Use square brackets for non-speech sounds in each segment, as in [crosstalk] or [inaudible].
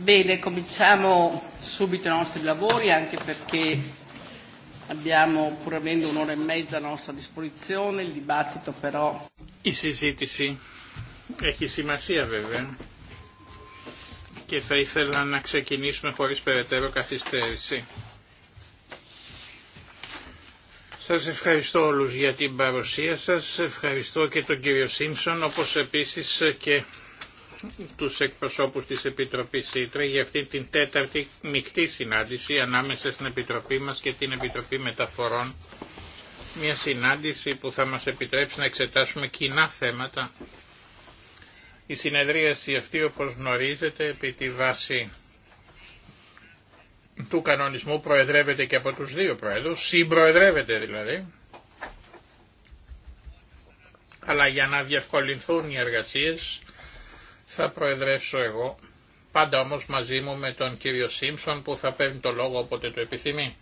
Bene, cominciamo subito i nostri lavori anche perché abbiamo pur avendo un'ora e mezza a nostra disposizione, il dibattito però... Η συζήτηση έχει σημασία βέβαια και θα ήθελα να ξεκινήσουμε χωρίς περαιτέρω καθυστέρηση. Σας ευχαριστώ όλους για την παρουσία σας, ευχαριστώ και τον κύριο Σίμψον όπως επίσης και τους εκπροσώπους της Επιτροπής ΣΥΤΡΑ για αυτή την τέταρτη μεικτή συνάντηση ανάμεσα στην Επιτροπή μας και την Επιτροπή Μεταφορών. Μια συνάντηση που θα μας επιτρέψει να εξετάσουμε κοινά θέματα. Η συνεδρίαση αυτή όπως γνωρίζετε επί τη βάση του κανονισμού προεδρεύεται και από τους δύο προέδρους, συμπροεδρεύεται δηλαδή, αλλά για να διευκολυνθούν οι εργασίες θα προεδρεύσω εγώ, πάντα όμως μαζί μου με τον κύριο Σίμψον που θα παίρνει το λόγο όποτε το επιθυμεί.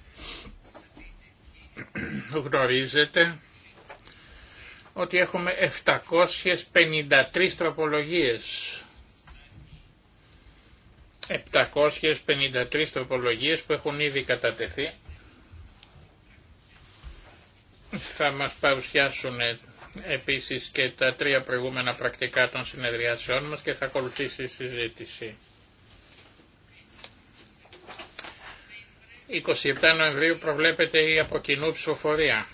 Γνωρίζετε ότι έχουμε 753 τροπολογίες. 753 τροπολογίες που έχουν ήδη κατατεθεί θα μας παρουσιάσουν επίσης και τα τρία προηγούμενα πρακτικά των συνεδριάσεών μας και θα ακολουθήσει η συζήτηση. 27 Νοεμβρίου προβλέπεται η αποκοινού ψηφοφορία.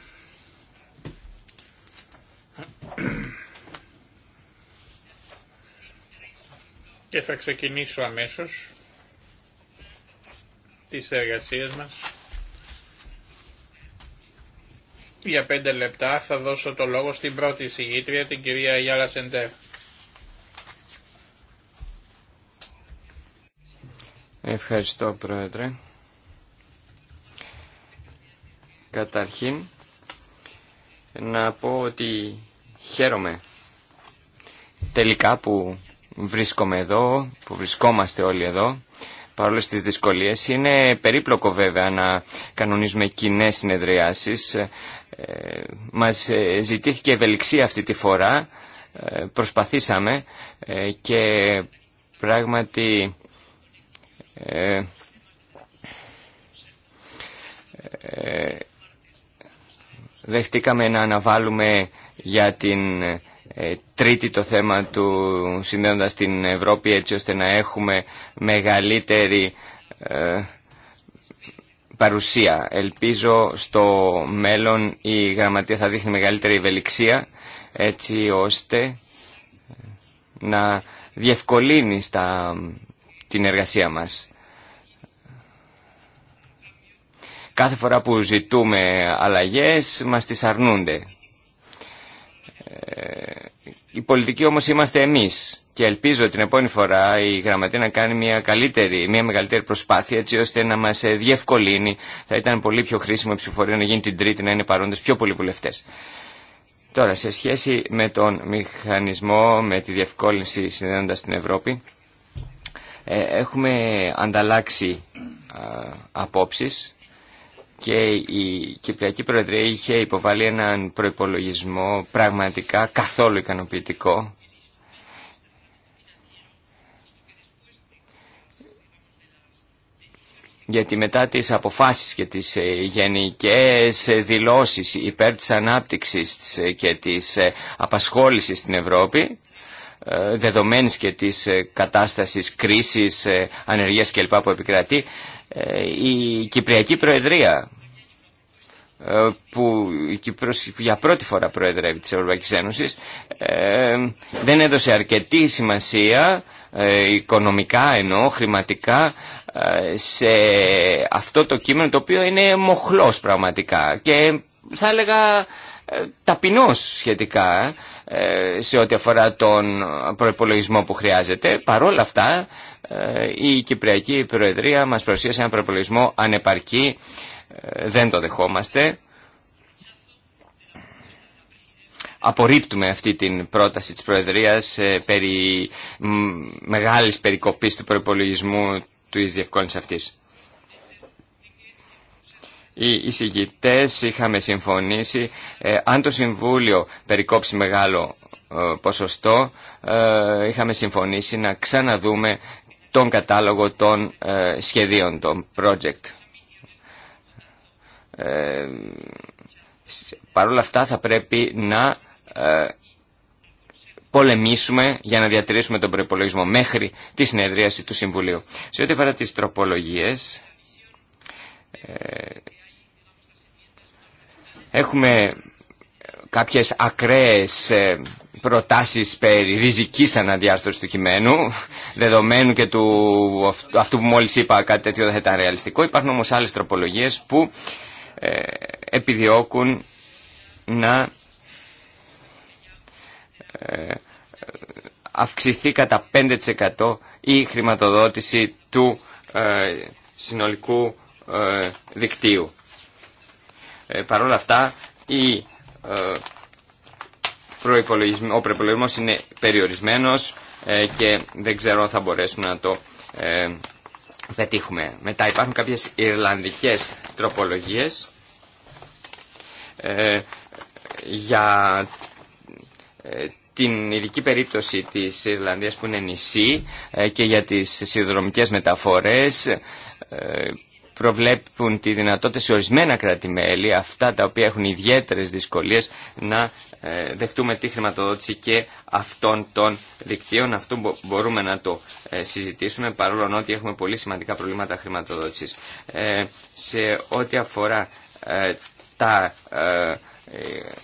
Και θα ξεκινήσω αμέσως τις εργασίες μας. Για πέντε λεπτά θα δώσω το λόγο στην πρώτη συγγήτρια, την κυρία Γιάλα Σεντέρ. Ευχαριστώ, Πρόεδρε. Καταρχήν, να πω ότι χαίρομαι τελικά που βρίσκομαι εδώ, που βρισκόμαστε όλοι εδώ όλες τις δυσκολίες. Είναι περίπλοκο βέβαια να κανονίζουμε κοινέ συνεδριάσεις. Ε, μας ε, ζητήθηκε ευελιξία αυτή τη φορά. Ε, προσπαθήσαμε και πράγματι δεχτήκαμε να αναβάλουμε για την ε, τρίτη το θέμα του συνδέοντας την Ευρώπη έτσι ώστε να έχουμε μεγαλύτερη ε, παρουσία. Ελπίζω στο μέλλον η γραμματεία θα δείχνει μεγαλύτερη ευελιξία έτσι ώστε ε, να διευκολύνει στα, την εργασία μας. Κάθε φορά που ζητούμε αλλαγές μας τις αρνούνται. Ε, η πολιτική όμως είμαστε εμείς και ελπίζω την επόμενη φορά η Γραμματεία να κάνει μια, καλύτερη, μια μεγαλύτερη προσπάθεια έτσι ώστε να μας ε, διευκολύνει. Θα ήταν πολύ πιο χρήσιμο η ψηφοφορία να γίνει την Τρίτη να είναι παρόντες πιο πολύ βουλευτέ. Τώρα, σε σχέση με τον μηχανισμό, με τη διευκόλυνση συνδέοντας την Ευρώπη, ε, έχουμε ανταλλάξει απόψεις και η Κυπριακή Προεδρία είχε υποβάλει έναν προϋπολογισμό πραγματικά καθόλου ικανοποιητικό γιατί μετά τις αποφάσεις και τις ε, γενικές δηλώσεις υπέρ της ανάπτυξης ε, και της ε, απασχόλησης στην Ευρώπη, δεδομένης και της κατάστασης κρίσης, ανεργίας κλπ. που επικρατεί, ε, η Κυπριακή Προεδρία ε, που η για πρώτη φορά προεδρεύει της Ευρωπαϊκής Ένωσης ε, δεν έδωσε αρκετή σημασία οικονομικά εννοώ, χρηματικά σε αυτό το κείμενο το οποίο είναι μοχλός πραγματικά και θα έλεγα ε, ταπεινό σχετικά ε, σε ό,τι αφορά τον προπολογισμό που χρειάζεται. Παρόλα αυτά ε, η Κυπριακή Προεδρία μας παρουσίασε ένα προπολογισμό ανεπαρκή, δεν το δεχόμαστε. Απορρίπτουμε αυτή την πρόταση της Προεδρίας περί μεγάλης περικοπής του προπολογισμού της διευκόλυνσης αυτής οι εισηγητέ είχαμε συμφωνήσει ε, αν το Συμβούλιο περικόψει μεγάλο ε, ποσοστό ε, είχαμε συμφωνήσει να ξαναδούμε τον κατάλογο των σχεδίων, των project. Παρ' όλα αυτά θα πρέπει να πολεμήσουμε για να διατηρήσουμε τον προπολογισμό μέχρι τη συνεδρίαση του Συμβουλίου. Σε ό,τι αφορά τις τροπολογίες, Έχουμε κάποιες ακραίες ε, προτάσεις περί ριζικής αναδιάρθρωσης του κειμένου, δεδομένου και του αυτού που μόλις είπα κάτι τέτοιο δεν θα ήταν ρεαλιστικό. Υπάρχουν όμως άλλες τροπολογίες που ε, επιδιώκουν να ε, αυξηθεί κατά 5% η χρηματοδότηση του συνολικού δικτύου. Ε, Παρ' όλα αυτά, η, ε, ο προπολογισμό είναι περιορισμένος ε, και δεν ξέρω αν θα μπορέσουμε να το ε, πετύχουμε. Μετά υπάρχουν κάποιες Ιρλανδικές τροπολογίες για την ειδική περίπτωση της Ιρλανδίας που είναι νησί και για τις συνδρομικές μεταφορές προβλέπουν τη δυνατότητα σε ορισμένα κράτη-μέλη, αυτά τα οποία έχουν ιδιαίτερες δυσκολίες, να ε, δεχτούμε τη χρηματοδότηση και αυτών των δικτύων. Αυτό μπορούμε να το ε, συζητήσουμε, παρόλο ότι έχουμε πολύ σημαντικά προβλήματα χρηματοδότησης. Ε, σε ό,τι αφορά τα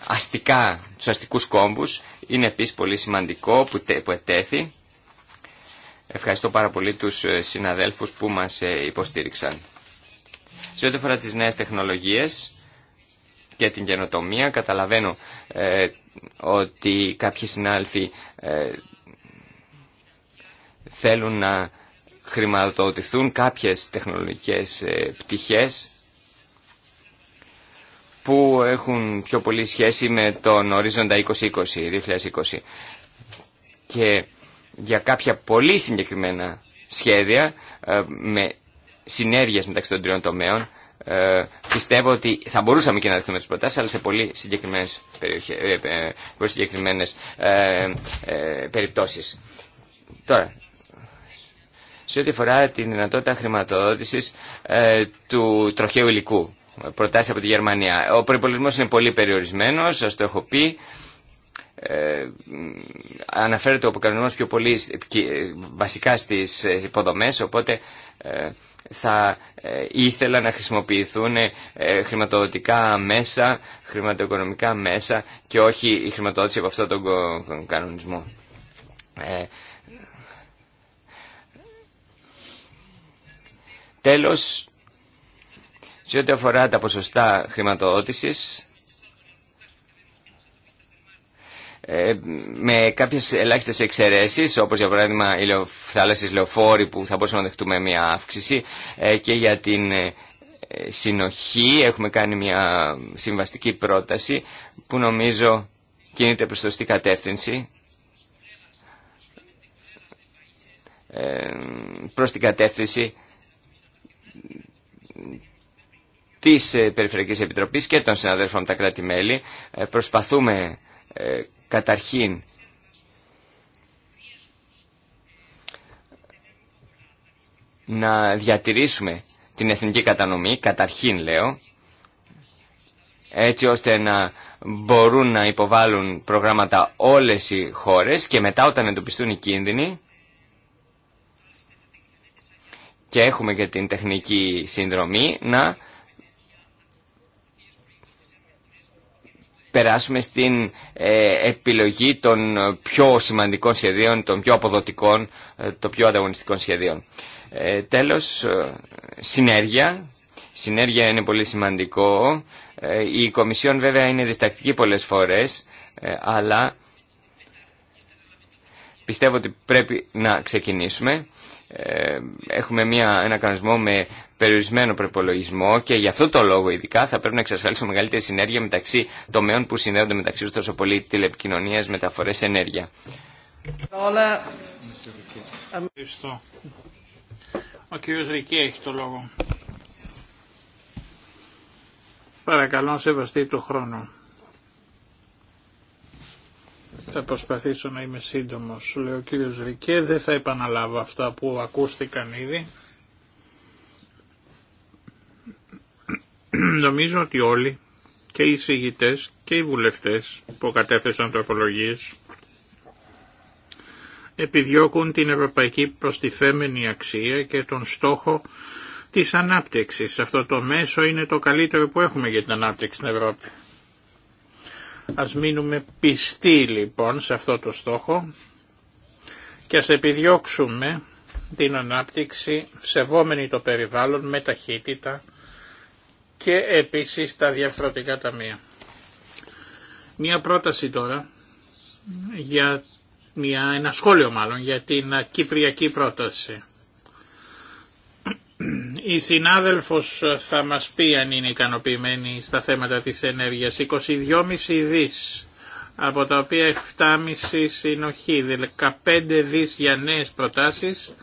αστικά, τους αστικούς κόμπους, είναι επίσης πολύ σημαντικό που, ετέθη. Ευχαριστώ πάρα πολύ τους συναδέλφους που μας υποστήριξαν. Σε ό,τι αφορά τις νέες τεχνολογίες και την καινοτομία, καταλαβαίνω ε, ότι κάποιοι συνάλφοι ε, θέλουν να χρηματοδοτηθούν κάποιες τεχνολογικές ε, πτυχές που έχουν πιο πολύ σχέση με τον ορίζοντα 2020, 2020. Και για κάποια πολύ συγκεκριμένα σχέδια ε, με συνέργειες μεταξύ των τριών τομέων. Ε, πιστεύω ότι θα μπορούσαμε και να δεχτούμε τις προτάσεις, αλλά σε πολύ συγκεκριμένες, περιοχές, ε, ε, πολύ συγκεκριμένες ε, ε, περιπτώσεις. Τώρα, σε ό,τι αφορά τη δυνατότητα χρηματοδότησης ε, του τροχαίου υλικού, προτάσεις από τη Γερμανία. Ο προπολογισμό είναι πολύ περιορισμένος, σας το έχω πει. Ε, αναφέρεται ο αποκανονισμός πιο πολύ βασικά στις υποδομές, οπότε ε, θα ε, ήθελα να χρησιμοποιηθούν ε, χρηματοδοτικά μέσα, χρηματοοικονομικά μέσα και όχι η χρηματοδότηση από αυτόν τον κανονισμό. Ε, τέλος, σε ό,τι αφορά τα ποσοστά χρηματοδότησης, Ε, με κάποιες ελάχιστες εξαιρεσει, όπως για παράδειγμα οι θάλασσε λεωφόροι που θα μπορούσαμε να δεχτούμε μια αύξηση ε, και για την ε, συνοχή έχουμε κάνει μια συμβαστική πρόταση που νομίζω κινείται προς σωστή κατεύθυνση προς την κατεύθυνση της Περιφερειακής Επιτροπής και των συναδέλφων από τα κράτη-μέλη. Προσπαθούμε Καταρχήν, να διατηρήσουμε την εθνική κατανομή, καταρχήν λέω, έτσι ώστε να μπορούν να υποβάλουν προγράμματα όλες οι χώρες και μετά όταν εντοπιστούν οι κίνδυνοι και έχουμε και την τεχνική συνδρομή να περάσουμε στην ε, επιλογή των πιο σημαντικών σχεδίων, των πιο αποδοτικών, ε, των πιο ανταγωνιστικών σχεδίων. Ε, τέλος, συνέργεια. Συνέργεια είναι πολύ σημαντικό. Η Κομισιόν βέβαια είναι διστακτική πολλές φορές, αλλά Πιστεύω ότι πρέπει να ξεκινήσουμε. Ε, έχουμε μια, ένα κανονισμό με περιορισμένο προπολογισμό και γι' αυτό το λόγο ειδικά θα πρέπει να εξασφαλίσουμε μεγαλύτερη συνέργεια μεταξύ τομέων που συνδέονται μεταξύ του τόσο πολύ τηλεπικοινωνίας, μεταφορές, ενέργεια. Ευχαριστώ. Ο Ρικέ το λόγο. Παρακαλώ σεβαστεί το χρόνο. Θα προσπαθήσω να είμαι σύντομος. Λέει ο κύριος Ρικέ, δεν θα επαναλάβω αυτά που ακούστηκαν ήδη. Νομίζω ότι όλοι και οι συγητές και οι βουλευτές που κατέθεσαν τροπολογίες επιδιώκουν την ευρωπαϊκή προστιθέμενη αξία και τον στόχο της ανάπτυξης. Αυτό το μέσο είναι το καλύτερο που έχουμε για την ανάπτυξη στην Ευρώπη. Ας μείνουμε πιστοί λοιπόν σε αυτό το στόχο και ας επιδιώξουμε την ανάπτυξη σεβόμενη το περιβάλλον με ταχύτητα και επίσης τα διαφορετικά ταμεία. Μία πρόταση τώρα, για, μια, ένα σχόλιο μάλλον για την κυπριακή πρόταση. Η συνάδελφος ε, θα μας πει αν είναι ικανοποιημένη στα θέματα της ενέργειας. 22,5 δις, από τα οποία 7,5 συνοχή, 15 δις για νέες προτάσεις.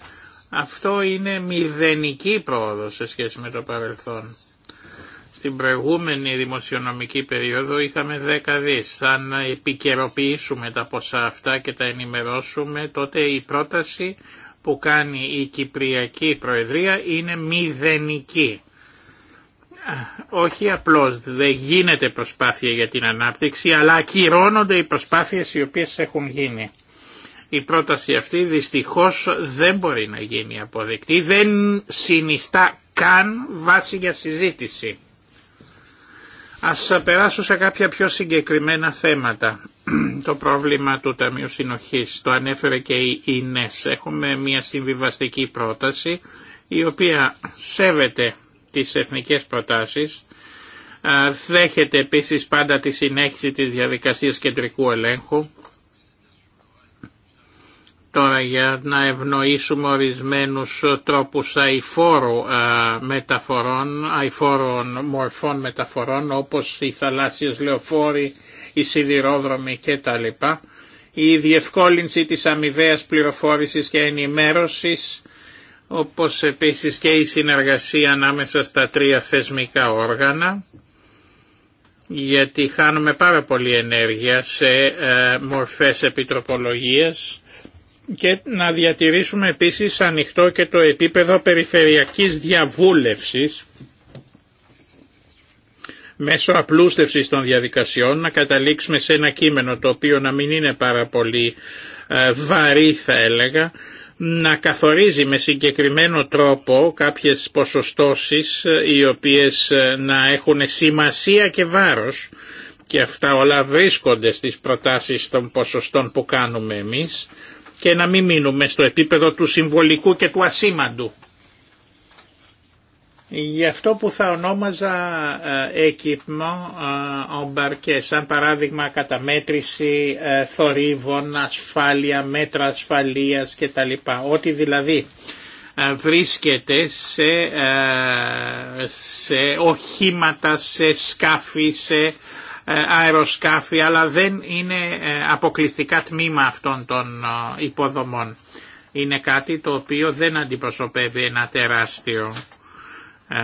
Αυτό είναι μηδενική πρόοδος σε σχέση με το παρελθόν. Στην προηγούμενη δημοσιονομική περίοδο είχαμε 10 δις. Αν επικαιροποιήσουμε τα ποσά αυτά και τα ενημερώσουμε, τότε η πρόταση που κάνει η Κυπριακή Προεδρία είναι μηδενική. Όχι απλώς δεν γίνεται προσπάθεια για την ανάπτυξη, αλλά ακυρώνονται οι προσπάθειες οι οποίες έχουν γίνει. Η πρόταση αυτή δυστυχώς δεν μπορεί να γίνει αποδεκτή, δεν συνιστά καν βάση για συζήτηση. Ας περάσω σε κάποια πιο συγκεκριμένα θέματα. [clears throat] Το πρόβλημα του Ταμείου Συνοχής το ανέφερε και η Ινές. Έχουμε μια συμβιβαστική πρόταση η οποία σέβεται τις εθνικές προτάσεις, δέχεται επίσης πάντα τη συνέχιση της διαδικασίας κεντρικού ελέγχου, τώρα για να ευνοήσουμε ορισμένους τρόπους αηφόρου ε, μεταφορών, αηφόρων μορφών μεταφορών όπως οι θαλάσσιες λεωφόροι, οι σιδηρόδρομοι κτλ. Η διευκόλυνση της αμοιβαίας πληροφόρησης και ενημέρωσης όπως επίσης και η συνεργασία ανάμεσα στα τρία θεσμικά όργανα γιατί χάνουμε πάρα πολύ ενέργεια σε ε, μορφές επιτροπολογίας και να διατηρήσουμε επίσης ανοιχτό και το επίπεδο περιφερειακής διαβούλευσης μέσω απλούστευσης των διαδικασιών να καταλήξουμε σε ένα κείμενο το οποίο να μην είναι πάρα πολύ ε, βαρύ θα έλεγα να καθορίζει με συγκεκριμένο τρόπο κάποιες ποσοστώσεις ε, οι οποίες ε, να έχουν σημασία και βάρος και αυτά όλα βρίσκονται στις προτάσεις των ποσοστών που κάνουμε εμείς και να μην μείνουμε στο επίπεδο του συμβολικού και του ασήμαντου. Γι' αυτό που θα ονόμαζα έκυπνο ε, ομπαρκέ, ε, σαν παράδειγμα καταμέτρηση ε, θορύβων, ασφάλεια, μέτρα ασφαλείας κτλ. Ό,τι δηλαδή βρίσκεται σε, σε οχήματα, σε σκάφη, σε αεροσκάφη αλλά δεν είναι ε, αποκλειστικά τμήμα αυτών των ε, υποδομών. Είναι κάτι το οποίο δεν αντιπροσωπεύει ένα τεράστιο ε,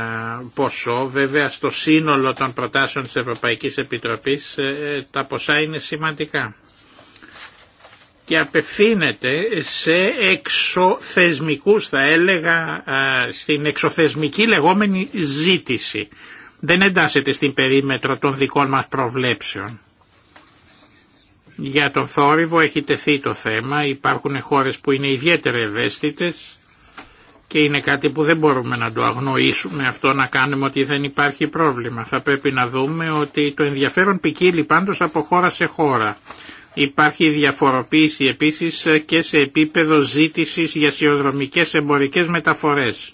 ποσό. Βέβαια στο σύνολο των προτάσεων της Ευρωπαϊκής Επιτροπής τα ποσά είναι σημαντικά και απευθύνεται σε εξωθεσμικούς θα έλεγα στην εξωθεσμική λεγόμενη ζήτηση δεν εντάσσεται στην περίμετρο των δικών μας προβλέψεων. Για τον θόρυβο έχει τεθεί το θέμα, υπάρχουν χώρες που είναι ιδιαίτερα ευαίσθητες και είναι κάτι που δεν μπορούμε να το αγνοήσουμε αυτό να κάνουμε ότι δεν υπάρχει πρόβλημα. Θα πρέπει να δούμε ότι το ενδιαφέρον ποικίλει πάντως από χώρα σε χώρα. Υπάρχει διαφοροποίηση επίσης και σε επίπεδο ζήτησης για σιωδρομικές εμπορικές μεταφορές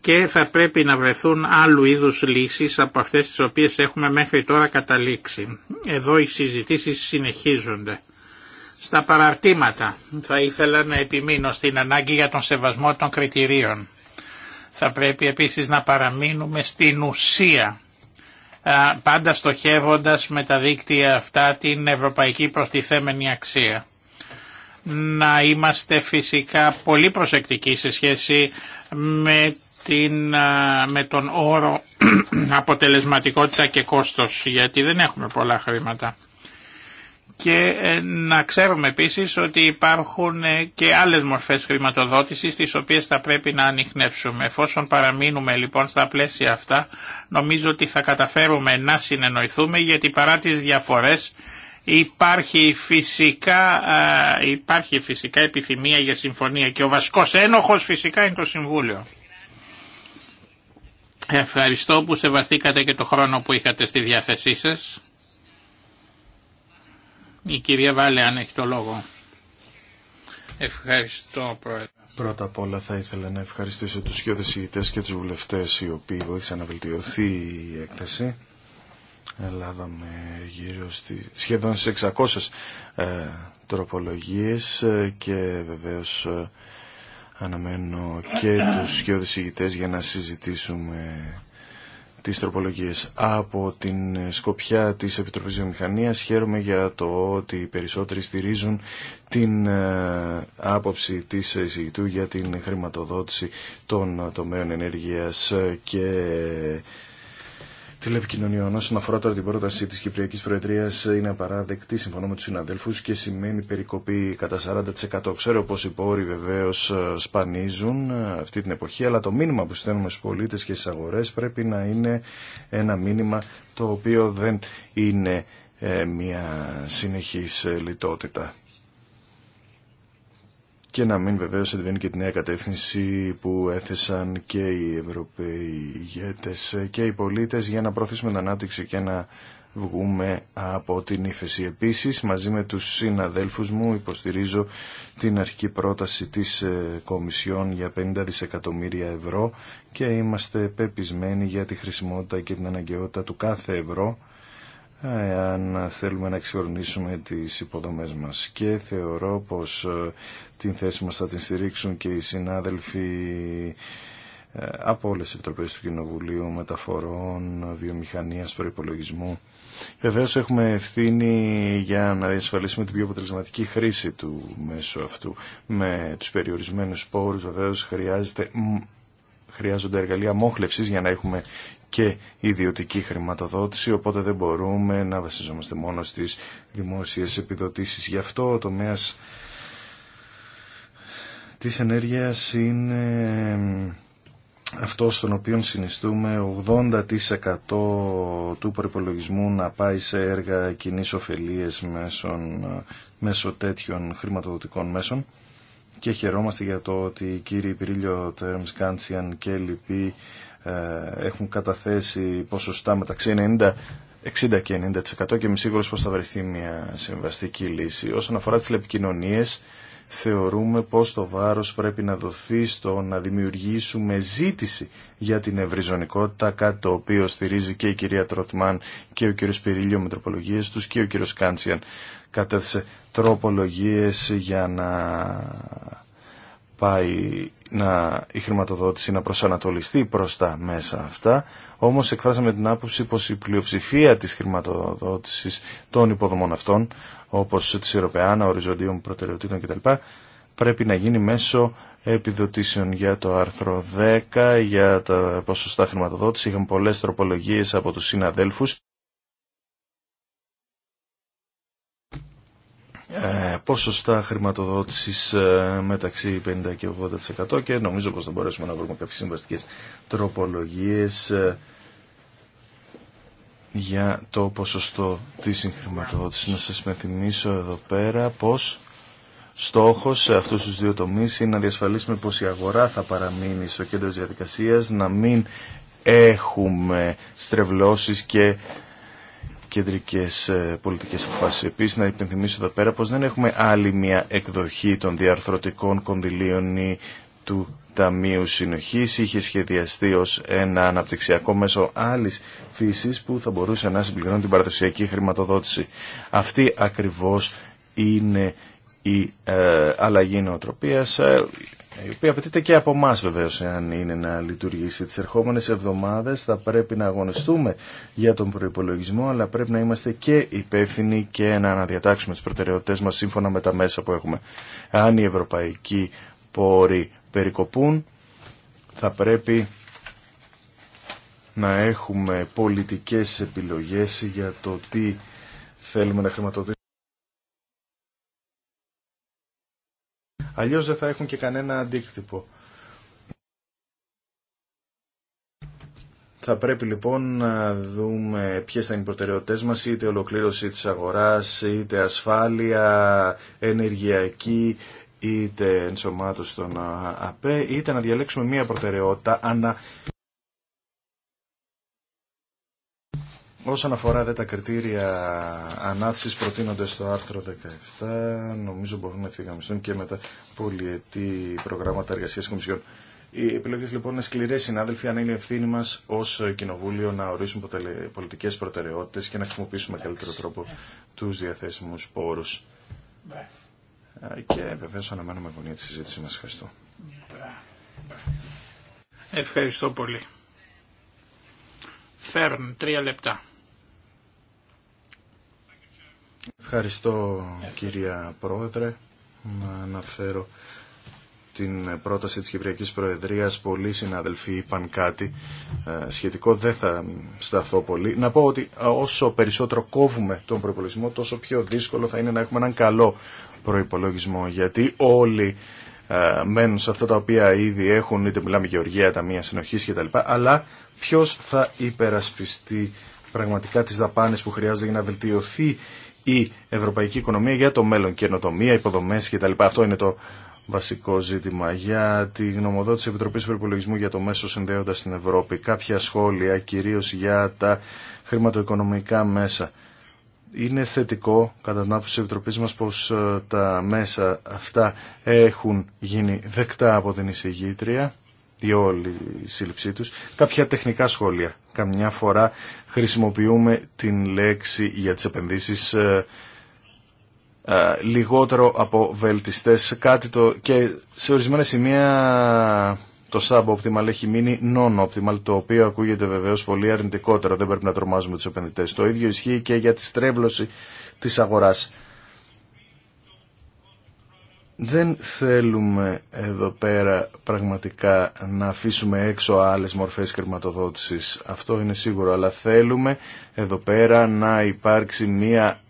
και θα πρέπει να βρεθούν άλλου είδους λύσεις από αυτές τις οποίες έχουμε μέχρι τώρα καταλήξει. Εδώ οι συζητήσεις συνεχίζονται. Στα παραρτήματα θα ήθελα να επιμείνω στην ανάγκη για τον σεβασμό των κριτηρίων. Θα πρέπει επίσης να παραμείνουμε στην ουσία, πάντα στοχεύοντας με τα δίκτυα αυτά την ευρωπαϊκή προστιθέμενη αξία. Να είμαστε φυσικά πολύ προσεκτικοί σε σχέση με την, με τον όρο [clears throat] αποτελεσματικότητα και κόστος, γιατί δεν έχουμε πολλά χρήματα. Και ε, να ξέρουμε επίσης ότι υπάρχουν ε, και άλλες μορφές χρηματοδότησης τις οποίες θα πρέπει να ανοιχνεύσουμε. Εφόσον παραμείνουμε λοιπόν στα πλαίσια αυτά, νομίζω ότι θα καταφέρουμε να συνεννοηθούμε γιατί παρά τις διαφορές υπάρχει φυσικά, υπάρχει φυσικά επιθυμία για συμφωνία και ο βασικός ένοχος φυσικά είναι το Συμβούλιο. Ευχαριστώ που σεβαστήκατε και το χρόνο που είχατε στη διάθεσή σας. Η κυρία Βάλε αν έχει το λόγο. Ευχαριστώ πρόεδρε. Πρώτα απ' όλα θα ήθελα να ευχαριστήσω τους σχεδεσηγητές και τους βουλευτές οι οποίοι βοήθησαν να βελτιωθεί η έκθεση. Ελλάδα με γύρω στη, σχεδόν στις 600 ε, τροπολογίες ε, και βεβαίως ε, αναμένω και τους γεωδησηγητές για να συζητήσουμε τις τροπολογίες. Από την σκοπιά της Επιτροπής Βιομηχανίας χαίρομαι για το ότι οι περισσότεροι στηρίζουν την ε, άποψη της εισηγητού για την χρηματοδότηση των τομέων ενέργειας και τηλεπικοινωνιών. Όσον αφορά τώρα την πρόταση τη Κυπριακή Προεδρία, είναι απαράδεκτη, συμφωνώ με του συναδέλφου, και σημαίνει περικοπή κατά 40%. Ξέρω πω οι πόροι βεβαίω ε, σπανίζουν ε, αυτή την εποχή, αλλά το μήνυμα που στέλνουμε στου πολίτε και στι αγορέ πρέπει να είναι ένα μήνυμα το οποίο δεν είναι ε, μια συνεχής λιτότητα και να μην βεβαίω αντιβαίνει και τη νέα κατεύθυνση που έθεσαν και οι Ευρωπαίοι ηγέτες και οι πολίτες για να προωθήσουμε την ανάπτυξη και να βγούμε από την ύφεση. Επίσης, μαζί με τους συναδέλφους μου υποστηρίζω την αρχική πρόταση της ε, Κομισιόν για 50 δισεκατομμύρια ευρώ και είμαστε πεπισμένοι για τη χρησιμότητα και την αναγκαιότητα του κάθε ευρώ αν θέλουμε να εξορνήσουμε τις υποδομές μας. Και θεωρώ πως ε, την θέση μας θα την στηρίξουν και οι συνάδελφοι ε, από όλες τις επιτροπές του Κοινοβουλίου, μεταφορών, βιομηχανίας, προϋπολογισμού. Βεβαίως έχουμε ευθύνη για να διασφαλίσουμε την πιο αποτελεσματική χρήση του μέσου αυτού. Με τους περιορισμένους πόρους βεβαίως χρειάζεται, χρειάζονται εργαλεία μόχλευσης για να έχουμε και ιδιωτική χρηματοδότηση, οπότε δεν μπορούμε να βασιζόμαστε μόνο στις δημόσιες επιδοτήσεις. Γι' αυτό ο τομέας της ενέργειας είναι αυτό στον οποίο συνιστούμε 80% του προπολογισμού να πάει σε έργα κοινή ωφελία μέσω τέτοιων χρηματοδοτικών μέσων. Και χαιρόμαστε για το ότι οι κύριοι Πυρίλιο Τέρμς, Κάντσιαν και λοιποί ε, έχουν καταθέσει ποσοστά μεταξύ 90 60 και 90% και είμαι σίγουρο πως θα βρεθεί μια συμβαστική λύση. Όσον αφορά τις λεπικοινωνίες θεωρούμε πως το βάρος πρέπει να δοθεί στο να δημιουργήσουμε ζήτηση για την ευρυζωνικότητα, κάτι το οποίο στηρίζει και η κυρία Τροτμάν και ο κύριος Πυρίλιο Μετροπολογίες τους και ο κύριος Κάντσιαν κατέθεσε τροπολογίες για να πάει να, η χρηματοδότηση να προσανατολιστεί προς τα μέσα αυτά, όμως εκφράσαμε την άποψη πως η πλειοψηφία της χρηματοδότησης των υποδομών αυτών, όπως της Ευρωπαϊα, Οριζοντίων Προτεραιοτήτων κτλ., πρέπει να γίνει μέσω επιδοτήσεων για το άρθρο 10, για τα ποσοστά χρηματοδότηση. Είχαμε πολλές τροπολογίες από του συναδέλφους Ε, ποσοστά χρηματοδότησης ε, μεταξύ 50 και 80% και νομίζω πως θα μπορέσουμε να βρούμε κάποιες συμβαστικές τροπολογίες ε, για το ποσοστό της συγχρηματοδότησης. Να σας μεθυμίσω εδώ πέρα πως στόχος σε αυτούς τους δύο τομείς είναι να διασφαλίσουμε πως η αγορά θα παραμείνει στο κέντρο της διαδικασίας, να μην έχουμε στρεβλώσεις και κεντρικές ε, πολιτικές αποφάσεις. Επίσης, να υπενθυμίσω εδώ πέρα πως δεν έχουμε άλλη μια εκδοχή των διαρθρωτικών κονδυλίων του Ταμείου Συνοχής. Είχε σχεδιαστεί ω ένα αναπτυξιακό μέσο άλλης φύσης που θα μπορούσε να συμπληρώνει την παραδοσιακή χρηματοδότηση. Αυτή ακριβώς είναι η ε, αλλαγή νοοτροπίας ε, η οποία απαιτείται και από εμά βεβαίω εάν είναι να λειτουργήσει. Τις ερχόμενε εβδομάδε. θα πρέπει να αγωνιστούμε για τον προπολογισμό, αλλά πρέπει να είμαστε και υπεύθυνοι και να αναδιατάξουμε τις προτεραιότητες μας σύμφωνα με τα μέσα που έχουμε. Αν οι ευρωπαϊκοί πόροι περικοπούν, θα πρέπει να έχουμε πολιτικές επιλογές για το τι θέλουμε να χρηματοδοτήσουμε. Αλλιώς δεν θα έχουν και κανένα αντίκτυπο. Θα πρέπει λοιπόν να δούμε ποιες θα είναι οι προτεραιότητες μας, είτε ολοκλήρωση της αγοράς, είτε ασφάλεια, ενεργειακή, είτε ενσωμάτωση των ΑΠΕ, είτε να διαλέξουμε μία προτεραιότητα ανά Όσον αφορά δε, τα κριτήρια ανάθεσης προτείνονται στο άρθρο 17, νομίζω μπορούμε να στον και με τα πολυετή προγράμματα εργασίας κομισιών. Οι επιλογή λοιπόν είναι σκληρέ, συνάδελφοι, αν είναι η ευθύνη μας ως Κοινοβούλιο να ορίσουμε πολιτικές προτεραιότητες και να χρησιμοποιήσουμε καλύτερο τρόπο του διαθέσιμου πόρου. Και βεβαίω αναμένουμε γωνία τη συζήτησή μας. Ευχαριστώ. Ευχαριστώ πολύ. Φέρν, τρία λεπτά. Ευχαριστώ κυρία Πρόεδρε. Να αναφέρω την πρόταση της Κυπριακής Προεδρίας. Πολλοί συναδελφοί είπαν κάτι ε, σχετικό. Δεν θα σταθώ πολύ. Να πω ότι όσο περισσότερο κόβουμε τον προϋπολογισμό τόσο πιο δύσκολο θα είναι να έχουμε έναν καλό προϋπολογισμό. Γιατί όλοι ε, μένουν σε αυτά τα οποία ήδη έχουν, είτε μιλάμε γεωργία, ταμεία συνοχής κτλ. Αλλά ποιος θα υπερασπιστεί πραγματικά τις δαπάνες που χρειάζονται για να βελτιωθεί η ευρωπαϊκή οικονομία για το μέλλον, καινοτομία, υποδομέ κτλ. Αυτό είναι το βασικό ζήτημα. Για τη γνωμοδότηση τη Επιτροπή Περιπολογισμού για το μέσο συνδέοντα στην Ευρώπη, κάποια σχόλια κυρίω για τα χρηματοοικονομικά μέσα. Είναι θετικό κατά την άποψη τη Επιτροπής μα πω ε, τα μέσα αυτά έχουν γίνει δεκτά από την εισηγήτρια η όλη η σύλληψή τους. Κάποια τεχνικά σχόλια. Καμιά φορά χρησιμοποιούμε την λέξη για τις επενδύσεις ε, ε, λιγότερο από βελτιστές κάτι το, και σε ορισμένα σημεία το sub έχει μείνει non-optimal, το οποίο ακούγεται βεβαίως πολύ αρνητικότερο, δεν πρέπει να τρομάζουμε τους επενδυτές. Το ίδιο ισχύει και για τη στρέβλωση της αγοράς δεν θέλουμε εδώ πέρα πραγματικά να αφήσουμε έξω άλλες μορφές κρηματοδότησης. Αυτό είναι σίγουρο, αλλά θέλουμε εδώ πέρα να υπάρξει μία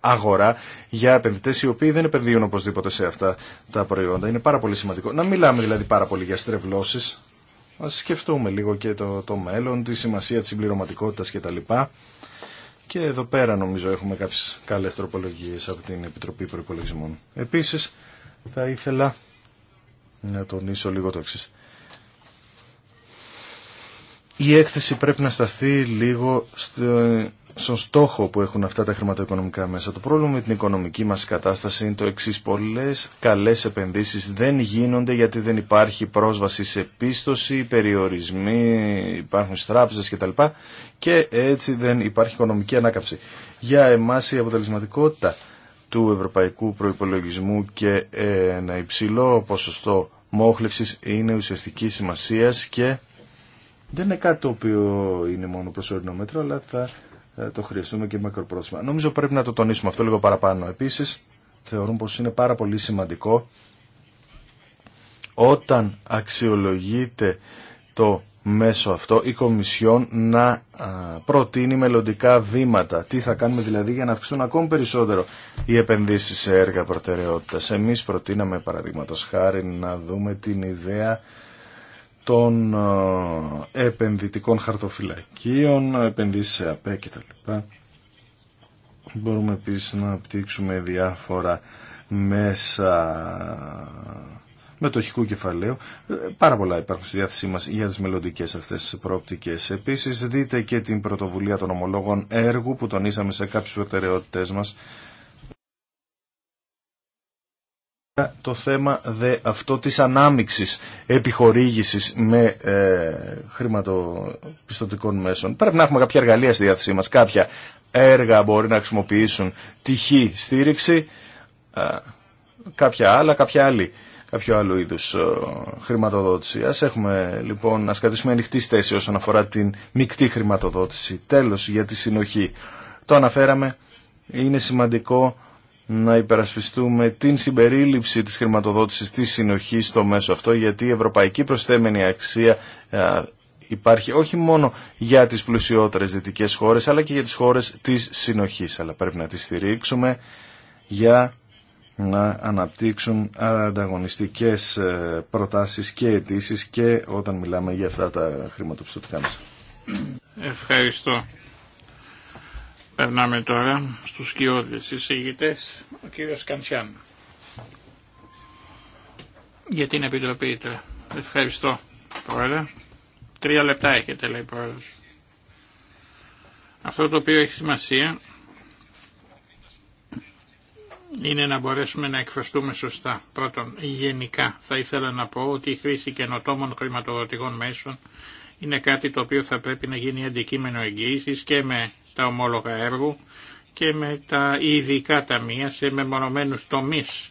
αγορά για επενδυτές οι οποίοι δεν επενδύουν οπωσδήποτε σε αυτά τα προϊόντα. Είναι πάρα πολύ σημαντικό. Να μιλάμε δηλαδή πάρα πολύ για στρεβλώσεις. Να σκεφτούμε λίγο και το, το μέλλον, τη σημασία της συμπληρωματικότητας κτλ. Και εδώ πέρα νομίζω έχουμε κάποιες καλές τροπολογίες από την Επιτροπή Προϋπολογισμών. Επίσης θα ήθελα να τονίσω λίγο το εξής η έκθεση πρέπει να σταθεί λίγο στον στόχο που έχουν αυτά τα χρηματοοικονομικά μέσα. Το πρόβλημα με την οικονομική μας κατάσταση είναι το εξής. Πολλές καλές επενδύσεις δεν γίνονται γιατί δεν υπάρχει πρόσβαση σε πίστοση, περιορισμοί, υπάρχουν στράψες κτλ. Και έτσι δεν υπάρχει οικονομική ανάκαμψη. Για εμάς η αποτελεσματικότητα του ευρωπαϊκού προϋπολογισμού και ένα υψηλό ποσοστό μόχλευσης είναι ουσιαστική σημασίας και δεν είναι κάτι το οποίο είναι μόνο προσωρινό μέτρο, αλλά θα ε, το χρειαστούμε και μακροπρόθεσμα. Νομίζω πρέπει να το τονίσουμε αυτό λίγο παραπάνω. Επίσης, θεωρούν πω είναι πάρα πολύ σημαντικό όταν αξιολογείται το μέσο αυτό η Κομισιόν να προτείνει μελλοντικά βήματα. Τι θα κάνουμε δηλαδή για να αυξηθούν ακόμη περισσότερο οι επενδύσεις σε έργα προτεραιότητας. Εμείς προτείναμε παραδείγματο χάρη να δούμε την ιδέα των επενδυτικών χαρτοφυλακίων, επενδύσεις σε ΑΠΕ κτλ. Μπορούμε επίσης να απτύξουμε διάφορα μέσα μετοχικού κεφαλαίου. Ε, πάρα πολλά υπάρχουν στη διάθεσή μας για τις μελλοντικέ αυτές προοπτικές. Επίσης δείτε και την πρωτοβουλία των ομολόγων έργου που τονίσαμε σε κάποιες προτεραιότητες μας το θέμα δε αυτό της ανάμιξης επιχορήγησης με ε, χρηματοπιστωτικών μέσων. Πρέπει να έχουμε κάποια εργαλεία στη διάθεσή μας, κάποια έργα μπορεί να χρησιμοποιήσουν τυχή στήριξη, κάποια άλλα, κάποια άλλη, κάποιο άλλο είδους χρηματοδότηση. Ας έχουμε λοιπόν, να ανοιχτή στέση όσον αφορά την μεικτή χρηματοδότηση. Τέλος για τη συνοχή. Το αναφέραμε, είναι σημαντικό να υπερασπιστούμε την συμπερίληψη της χρηματοδότησης της συνοχής στο μέσο αυτό, γιατί η ευρωπαϊκή προσθέμενη αξία υπάρχει όχι μόνο για τις πλουσιότερες δυτικές χώρες, αλλά και για τις χώρες της συνοχής. Αλλά πρέπει να τις στηρίξουμε για να αναπτύξουν ανταγωνιστικές ε, προτάσεις και αιτήσει και όταν μιλάμε για αυτά τα χρηματοπιστωτικά μέσα. Ευχαριστώ. Περνάμε τώρα στους κοιόδες εισηγητές, ο κύριος Καντσιάν. Για την Επιτροπή του. Ευχαριστώ, Πρόεδρε. Τρία λεπτά έχετε, λέει Πρόεδρος. Αυτό το οποίο έχει σημασία είναι να μπορέσουμε να εκφραστούμε σωστά. Πρώτον, γενικά θα ήθελα να πω ότι η χρήση καινοτόμων χρηματοδοτικών μέσων είναι κάτι το οποίο θα πρέπει να γίνει αντικείμενο εγγύησης και με τα ομόλογα έργου και με τα ειδικά ταμεία σε μεμονωμένους τομείς.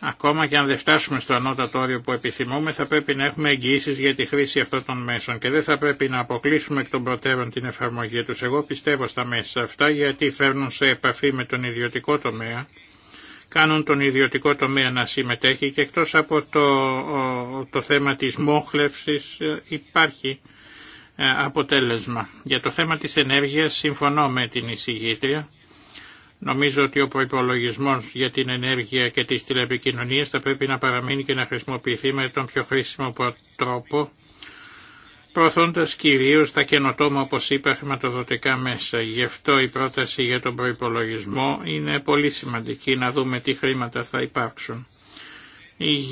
Ακόμα και αν δεν φτάσουμε στο ανώτατο όριο που επιθυμούμε, θα πρέπει να έχουμε εγγυήσεις για τη χρήση αυτών των μέσων και δεν θα πρέπει να αποκλείσουμε εκ των προτέρων την εφαρμογή του. Εγώ πιστεύω στα μέσα αυτά γιατί φέρνουν σε επαφή με τον ιδιωτικό τομέα κάνουν τον ιδιωτικό τομέα να συμμετέχει και εκτός από το, το θέμα της μόχλευσης ε, υπάρχει ε, αποτέλεσμα. Για το θέμα της ενέργειας συμφωνώ με την εισηγήτρια. Νομίζω ότι ο προπολογισμό για την ενέργεια και τις τηλεπικοινωνίες θα πρέπει να παραμείνει και να χρησιμοποιηθεί με τον πιο χρήσιμο τρόπο προωθώντας κυρίως τα καινοτόμα όπως είπα χρηματοδοτικά μέσα. Γι' αυτό η πρόταση για τον προϋπολογισμό είναι πολύ σημαντική να δούμε τι χρήματα θα υπάρξουν.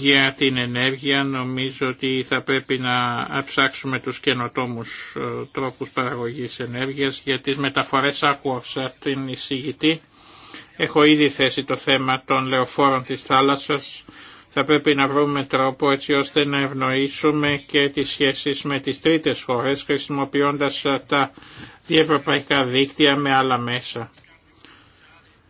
Για την ενέργεια νομίζω ότι θα πρέπει να ψάξουμε τους καινοτόμους ε, τρόπους παραγωγής ενέργειας. Για τις μεταφορές άκουσα την εισηγητή. Έχω ήδη θέσει το θέμα των λεωφόρων της θάλασσας θα πρέπει να βρούμε τρόπο έτσι ώστε να ευνοήσουμε και τις σχέσεις με τις τρίτες χώρες χρησιμοποιώντας ε, τα διευρωπαϊκά δίκτυα με άλλα μέσα.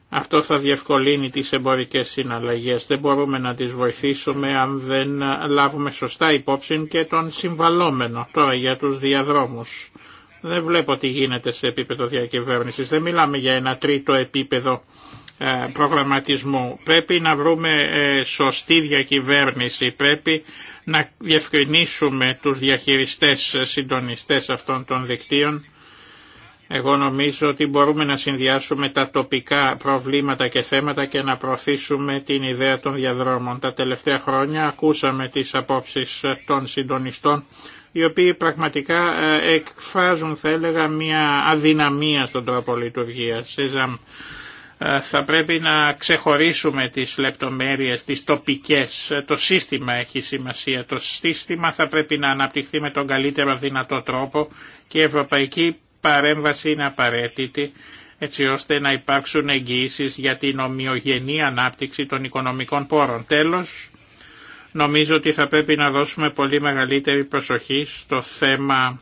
Αυτό θα διευκολύνει τις εμπορικές συναλλαγές. Δεν μπορούμε να τις βοηθήσουμε αν δεν ε, λάβουμε σωστά υπόψη και τον συμβαλόμενο τώρα για τους διαδρόμους. Δεν βλέπω τι γίνεται σε επίπεδο διακυβέρνησης. Δεν μιλάμε για ένα τρίτο επίπεδο ε, προγραμματισμού. Πρέπει να βρούμε ε, σωστή διακυβέρνηση, πρέπει να διευκρινίσουμε τους διαχειριστές ε, συντονιστές αυτών των δικτύων. Εγώ νομίζω ότι μπορούμε να συνδυάσουμε τα τοπικά προβλήματα και θέματα και να προωθήσουμε την ιδέα των διαδρόμων. Τα τελευταία χρόνια ακούσαμε τις απόψεις των συντονιστών οι οποίοι πραγματικά εκφράζουν θα έλεγα μια αδυναμία στον τρόπο λειτουργίας. Ε, θα πρέπει να ξεχωρίσουμε τις λεπτομέρειες, τις τοπικές. Το σύστημα έχει σημασία. Το σύστημα θα πρέπει να αναπτυχθεί με τον καλύτερο δυνατό τρόπο και η ευρωπαϊκή παρέμβαση είναι απαραίτητη έτσι ώστε να υπάρξουν εγγυήσει για την ομοιογενή ανάπτυξη των οικονομικών πόρων. Τέλος, νομίζω ότι θα πρέπει να δώσουμε πολύ μεγαλύτερη προσοχή στο θέμα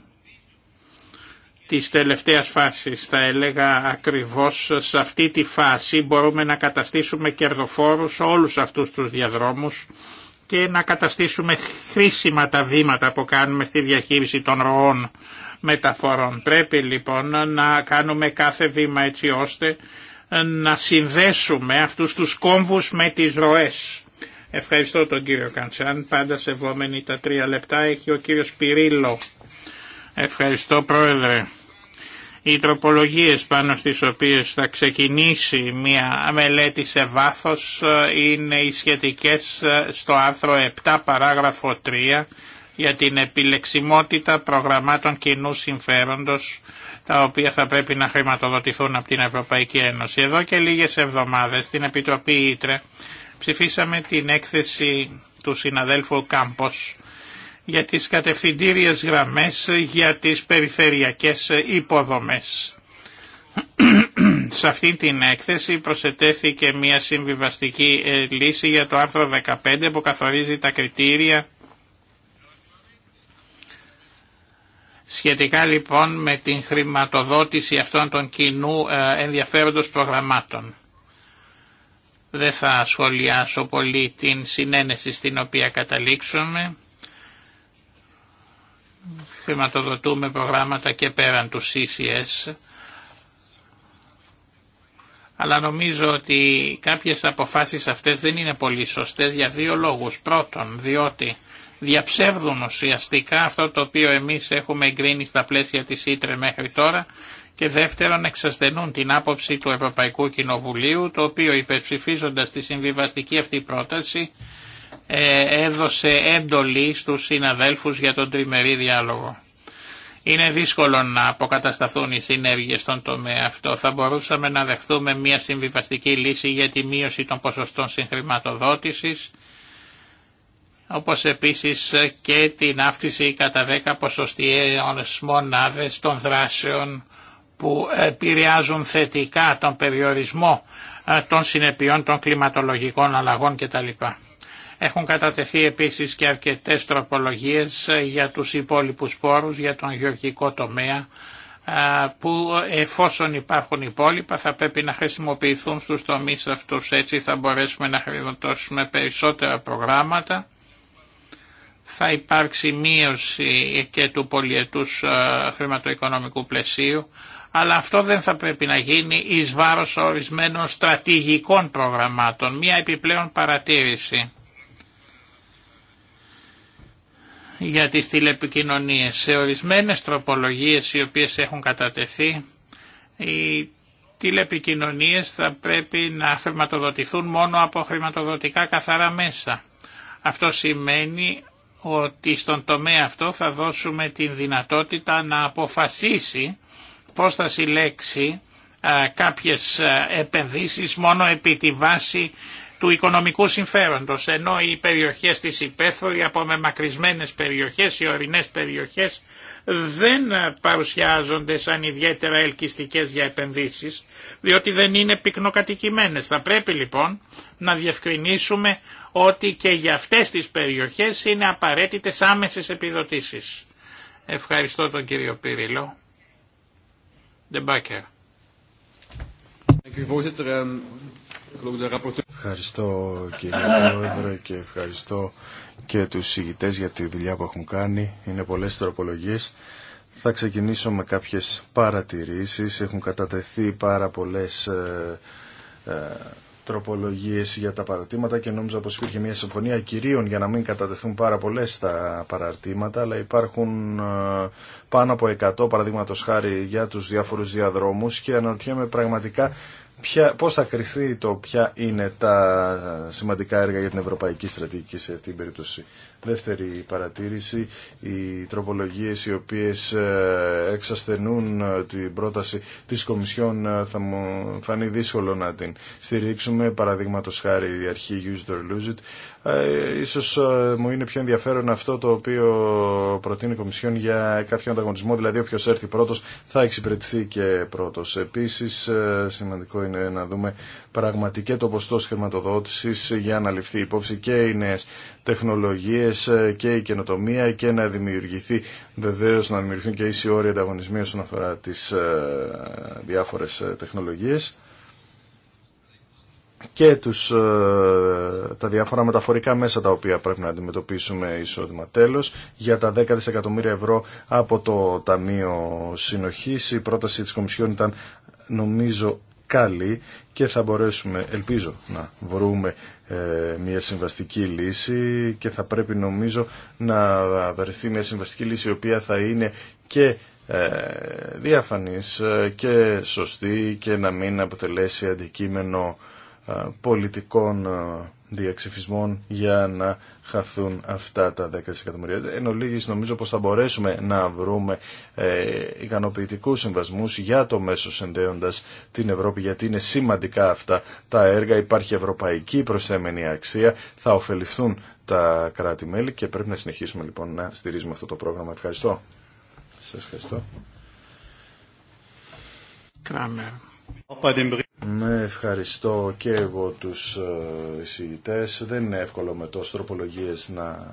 της τελευταίας φάσης. Θα έλεγα ακριβώς σε αυτή τη φάση μπορούμε να καταστήσουμε κερδοφόρους όλους αυτούς τους διαδρόμους και να καταστήσουμε χρήσιμα τα βήματα που κάνουμε στη διαχείριση των ροών μεταφορών. Πρέπει λοιπόν να κάνουμε κάθε βήμα έτσι ώστε να συνδέσουμε αυτούς τους κόμβους με τις ροές. Ευχαριστώ τον κύριο Καντσάν. Πάντα σεβόμενοι τα τρία λεπτά έχει ο κύριος Πυρίλο. Ευχαριστώ πρόεδρε. Οι τροπολογίες πάνω στις οποίες θα ξεκινήσει μια μελέτη σε βάθος ε, είναι οι σχετικές ε, στο άρθρο 7 παράγραφο 3 για την επιλεξιμότητα προγραμμάτων κοινού συμφέροντος τα οποία θα πρέπει να χρηματοδοτηθούν από την Ευρωπαϊκή Ένωση. Εδώ και λίγες εβδομάδες στην Επιτροπή Ήτρε ψηφίσαμε την έκθεση του συναδέλφου Κάμπος για τις κατευθυντήριες γραμμές για τις περιφερειακές υποδομές. Σε αυτή την έκθεση προσετέθηκε μια συμβιβαστική ε, λύση για το άρθρο 15 που καθορίζει τα κριτήρια σχετικά λοιπόν με την χρηματοδότηση αυτών των κοινού ε, ενδιαφέροντος προγραμμάτων. Δεν θα σχολιάσω πολύ την συνένεση στην οποία καταλήξουμε χρηματοδοτούμε προγράμματα και πέραν του CCS, αλλά νομίζω ότι κάποιες αποφάσεις αυτές δεν είναι πολύ σωστές για δύο λόγους. Πρώτον, διότι διαψεύδουν ουσιαστικά αυτό το οποίο εμείς έχουμε εγκρίνει στα πλαίσια της Ήτρε μέχρι τώρα και δεύτερον εξασθενούν την άποψη του Ευρωπαϊκού Κοινοβουλίου το οποίο υπερψηφίζοντας τη συμβιβαστική αυτή πρόταση ε, έδωσε έντολη στους συναδέλφους για τον τριμερή διάλογο. Είναι δύσκολο να αποκατασταθούν οι συνέργειες στον τομέα αυτό. Θα μπορούσαμε να δεχθούμε μια συμβιβαστική λύση για τη μείωση των ποσοστών συγχρηματοδότησης, όπως επίσης και την αύξηση κατά 10 ποσοστιαίων μονάδες των δράσεων που επηρεάζουν θετικά τον περιορισμό ε, των συνεπειών των κλιματολογικών αλλαγών κτλ. Έχουν κατατεθεί επίσης και αρκετές τροπολογίες ε, για τους υπόλοιπους πόρους, για τον γεωργικό τομέα, ε, που εφόσον υπάρχουν υπόλοιπα θα πρέπει να χρησιμοποιηθούν στους τομείς αυτούς. Έτσι θα μπορέσουμε να χρηματώσουμε περισσότερα προγράμματα. Θα υπάρξει μείωση και του πολιετούς ε, χρηματοοικονομικού πλαισίου, αλλά αυτό δεν θα πρέπει να γίνει εις βάρος ορισμένων στρατηγικών προγραμμάτων. Μία επιπλέον παρατήρηση. για τις τηλεπικοινωνίες. Σε ορισμένες τροπολογίες οι οποίες έχουν κατατεθεί, οι τηλεπικοινωνίες θα πρέπει να χρηματοδοτηθούν μόνο από χρηματοδοτικά καθαρά μέσα. Αυτό σημαίνει ότι στον τομέα αυτό θα δώσουμε την δυνατότητα να αποφασίσει πώς θα συλλέξει κάποιες επενδύσεις μόνο επί τη βάση του οικονομικού συμφέροντος, ενώ οι περιοχές της από από απομεμακρυσμένες περιοχές, οι ορεινές περιοχές δεν παρουσιάζονται σαν ιδιαίτερα ελκυστικές για επενδύσεις, διότι δεν είναι πυκνοκατοικημένες. Θα πρέπει λοιπόν να διευκρινίσουμε ότι και για αυτές τις περιοχές είναι απαραίτητες άμεσες επιδοτήσεις. Ευχαριστώ τον κύριο Πυρίλο. Ευχαριστώ κύριε Πρόεδρε και ευχαριστώ και τους συγητές για τη δουλειά που έχουν κάνει. Είναι πολλές τροπολογίες. Θα ξεκινήσω με κάποιες παρατηρήσεις. Έχουν κατατεθεί πάρα πολλές ε, ε τροπολογίες για τα παρατήματα και νόμιζα πως υπήρχε μια συμφωνία κυρίων για να μην κατατεθούν πάρα πολλές τα παραρτήματα, αλλά υπάρχουν ε, πάνω από 100 παραδείγματο χάρη για τους διάφορους διαδρόμους και αναρωτιέμαι πραγματικά ποια, πώς θα κριθεί το ποια είναι τα σημαντικά έργα για την ευρωπαϊκή στρατηγική σε αυτή την περίπτωση. Δεύτερη παρατήρηση, οι τροπολογίες οι οποίες ε, εξασθενούν ε, την πρόταση της Κομισιόν ε, θα μου φανεί δύσκολο να την στηρίξουμε. Παραδείγματο χάρη η αρχή Use it or Lose It. Ίσως μου είναι πιο ενδιαφέρον αυτό το οποίο προτείνει η Κομισιόν για κάποιο ανταγωνισμό, δηλαδή όποιος έρθει πρώτος θα εξυπηρετηθεί και πρώτος. Επίσης σημαντικό είναι να δούμε πραγματικά το ποστό χρηματοδότησης για να ληφθεί υπόψη και οι νέες τεχνολογίες ε, και η καινοτομία και να δημιουργηθεί βεβαίως να δημιουργηθούν και ίσοι όροι ανταγωνισμοί όσον αφορά τις ε, διάφορες ε, τεχνολογίες και τους, τα διάφορα μεταφορικά μέσα τα οποία πρέπει να αντιμετωπίσουμε εισόδημα. Τέλος, για τα 10 δισεκατομμύρια ευρώ από το Ταμείο Συνοχής, η πρόταση της Κομισιόν ήταν νομίζω καλή και θα μπορέσουμε, ελπίζω, να βρούμε ε, μια συμβαστική λύση και θα πρέπει νομίζω να βρεθεί μια συμβαστική λύση η οποία θα είναι και ε, διαφανής ε, και σωστή και να μην αποτελέσει αντικείμενο πολιτικών διαξυφισμών για να χαθούν αυτά τα 10 δισεκατομμύρια. Εν ολίγης νομίζω πως θα μπορέσουμε να βρούμε ε, ικανοποιητικούς συμβασμούς για το μέσο συνδέοντας την Ευρώπη γιατί είναι σημαντικά αυτά τα έργα, υπάρχει ευρωπαϊκή προσέμενη αξία, θα ωφεληθούν τα κράτη-μέλη και πρέπει να συνεχίσουμε λοιπόν να στηρίζουμε αυτό το πρόγραμμα. Ευχαριστώ. Σας ευχαριστώ. Ναι, ευχαριστώ και εγώ τους ε, εισηγητές. Δεν είναι εύκολο με τόσο τροπολογίες να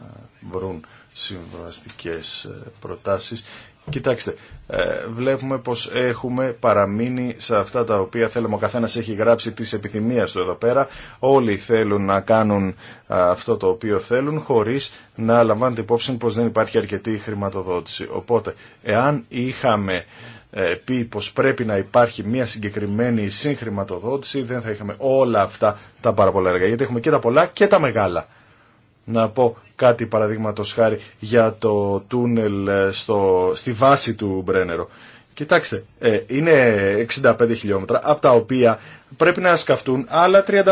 βρουν συμβαστικές ε, προτάσεις. Κοιτάξτε, ε, βλέπουμε πως έχουμε παραμείνει σε αυτά τα οποία θέλουμε. Ο καθένας έχει γράψει τις επιθυμίες του εδώ πέρα. Όλοι θέλουν να κάνουν αυτό το οποίο θέλουν χωρίς να λαμβάνεται υπόψη πως δεν υπάρχει αρκετή χρηματοδότηση. Οπότε, εάν είχαμε ε, πει πως πρέπει να υπάρχει μια συγκεκριμένη συγχρηματοδότηση, δεν θα είχαμε όλα αυτά τα πάρα πολλά έργα. Γιατί έχουμε και τα πολλά και τα μεγάλα. Να πω κάτι παραδείγματο χάρη για το τούνελ ε, στο, στη βάση του Μπρένερο. Κοιτάξτε, ε, είναι 65 χιλιόμετρα, από τα οποία πρέπει να σκαφτούν άλλα 35.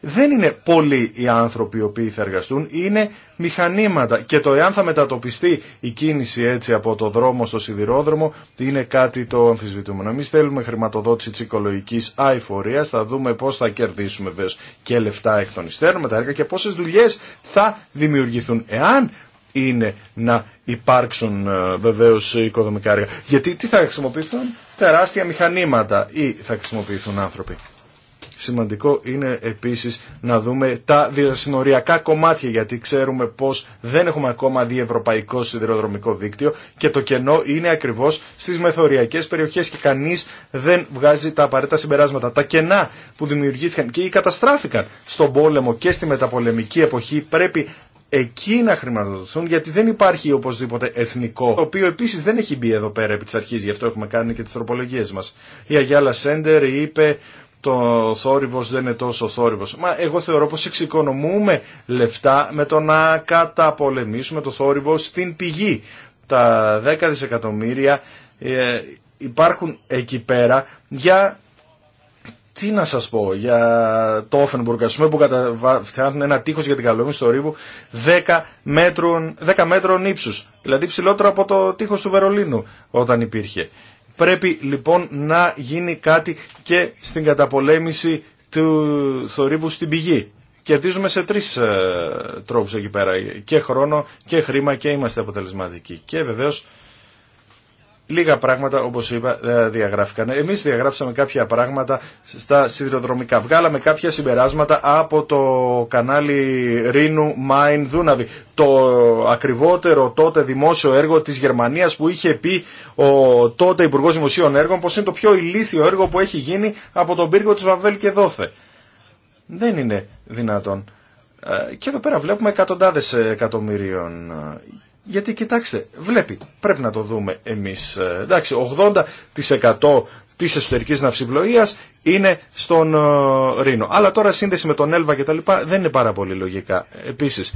Δεν είναι πολλοί οι άνθρωποι οι οποίοι θα εργαστούν, είναι μηχανήματα. Και το εάν θα μετατοπιστεί η κίνηση έτσι από το δρόμο στο σιδηρόδρομο, είναι κάτι το αμφισβητούμενο. Εμεί θέλουμε χρηματοδότηση τη οικολογική αηφορία, θα δούμε πώ θα κερδίσουμε βέβαια και λεφτά εκ των υστέρων με τα έργα και πόσε δουλειέ θα δημιουργηθούν. Εάν είναι να υπάρξουν ε, βεβαίως οικοδομικά έργα. Γιατί τι θα χρησιμοποιηθούν τεράστια μηχανήματα ή θα χρησιμοποιηθούν άνθρωποι. Σημαντικό είναι επίσης να δούμε τα διασυνοριακά κομμάτια γιατί ξέρουμε πως δεν έχουμε ακόμα διευρωπαϊκό σιδηροδρομικό δίκτυο και το κενό είναι ακριβώς στις μεθοριακές περιοχές και κανείς δεν βγάζει τα απαραίτητα συμπεράσματα. Τα κενά που δημιουργήθηκαν και οι καταστράφηκαν στον πόλεμο και στη μεταπολεμική εποχή πρέπει εκεί να χρηματοδοτηθούν, γιατί δεν υπάρχει οπωσδήποτε εθνικό, το οποίο επίση δεν έχει μπει εδώ πέρα επί τη αρχή, γι' αυτό έχουμε κάνει και τι τροπολογίε μα. Η Αγιάλα Σέντερ είπε το θόρυβος δεν είναι τόσο θόρυβος. Μα εγώ θεωρώ πως εξοικονομούμε λεφτά με το να καταπολεμήσουμε το θόρυβο στην πηγή. Τα 10 δισεκατομμύρια ε, υπάρχουν εκεί πέρα για τι να σας πω για το Offenburg, που φτιάχνουν ένα τείχος για την καλομή στο Ρίβου 10 μέτρων, 10 μέτρων ύψους, δηλαδή ψηλότερο από το τείχος του Βερολίνου όταν υπήρχε. Πρέπει λοιπόν να γίνει κάτι και στην καταπολέμηση του θορύβου στην πηγή. Κερδίζουμε σε τρεις ε, τρόπους εκεί πέρα, και χρόνο και χρήμα και είμαστε αποτελεσματικοί. Και βεβαίως Λίγα πράγματα, όπως είπα, ε, διαγράφηκαν. Εμείς διαγράψαμε κάποια πράγματα στα σιδηροδρομικά. Βγάλαμε κάποια συμπεράσματα από το κανάλι Ρήνου Μάιν Δούναβη. Το ακριβότερο τότε δημόσιο έργο της Γερμανίας που είχε πει ο τότε Υπουργός Δημοσίων Έργων πως είναι το πιο ηλίθιο έργο που έχει γίνει από τον πύργο της Βαβέλ και Δόθε. Δεν είναι δυνατόν. Ε, και εδώ πέρα βλέπουμε εκατοντάδες εκατομμυρίων γιατί κοιτάξτε, βλέπει, πρέπει να το δούμε εμείς. Ε, εντάξει, 80% της εσωτερικής ναυσιπλοείας είναι στον ε, Ρήνο. Αλλά τώρα σύνδεση με τον Έλβα και τα λοιπά δεν είναι πάρα πολύ λογικά. Επίσης,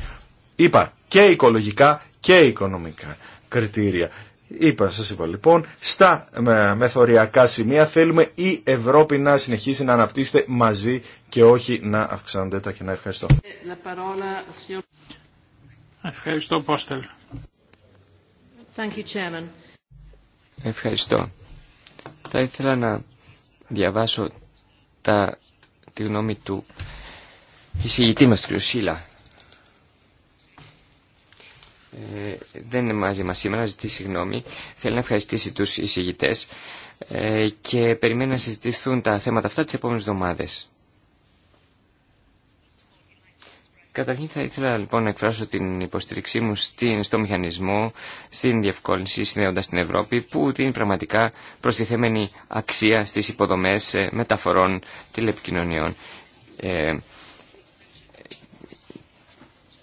είπα και οικολογικά και οικονομικά κριτήρια. Είπα, σας είπα λοιπόν, στα ε, μεθοριακά σημεία θέλουμε η Ευρώπη να συνεχίσει να αναπτύσσεται μαζί και όχι να αυξάνονται τα κοινά. Ευχαριστώ. Ευχαριστώ Πόστελ. Ευχαριστώ. Θα ήθελα να διαβάσω τη γνώμη του εισηγητή μας, του Σίλα. Ε, δεν είναι μαζί μας σήμερα, ζητεί γνώμη. Θέλει να ευχαριστήσει τους εισηγητές ε, και περιμένει να συζητηθούν τα θέματα αυτά τις επόμενες εβδομάδες. Καταρχήν θα ήθελα λοιπόν να εκφράσω την υποστήριξή μου στο μηχανισμό, στην διευκόλυνση συνδέοντα την Ευρώπη, που δίνει πραγματικά προστιθέμενη αξία στις υποδομές ε, μεταφορών τηλεπικοινωνιών. Ε,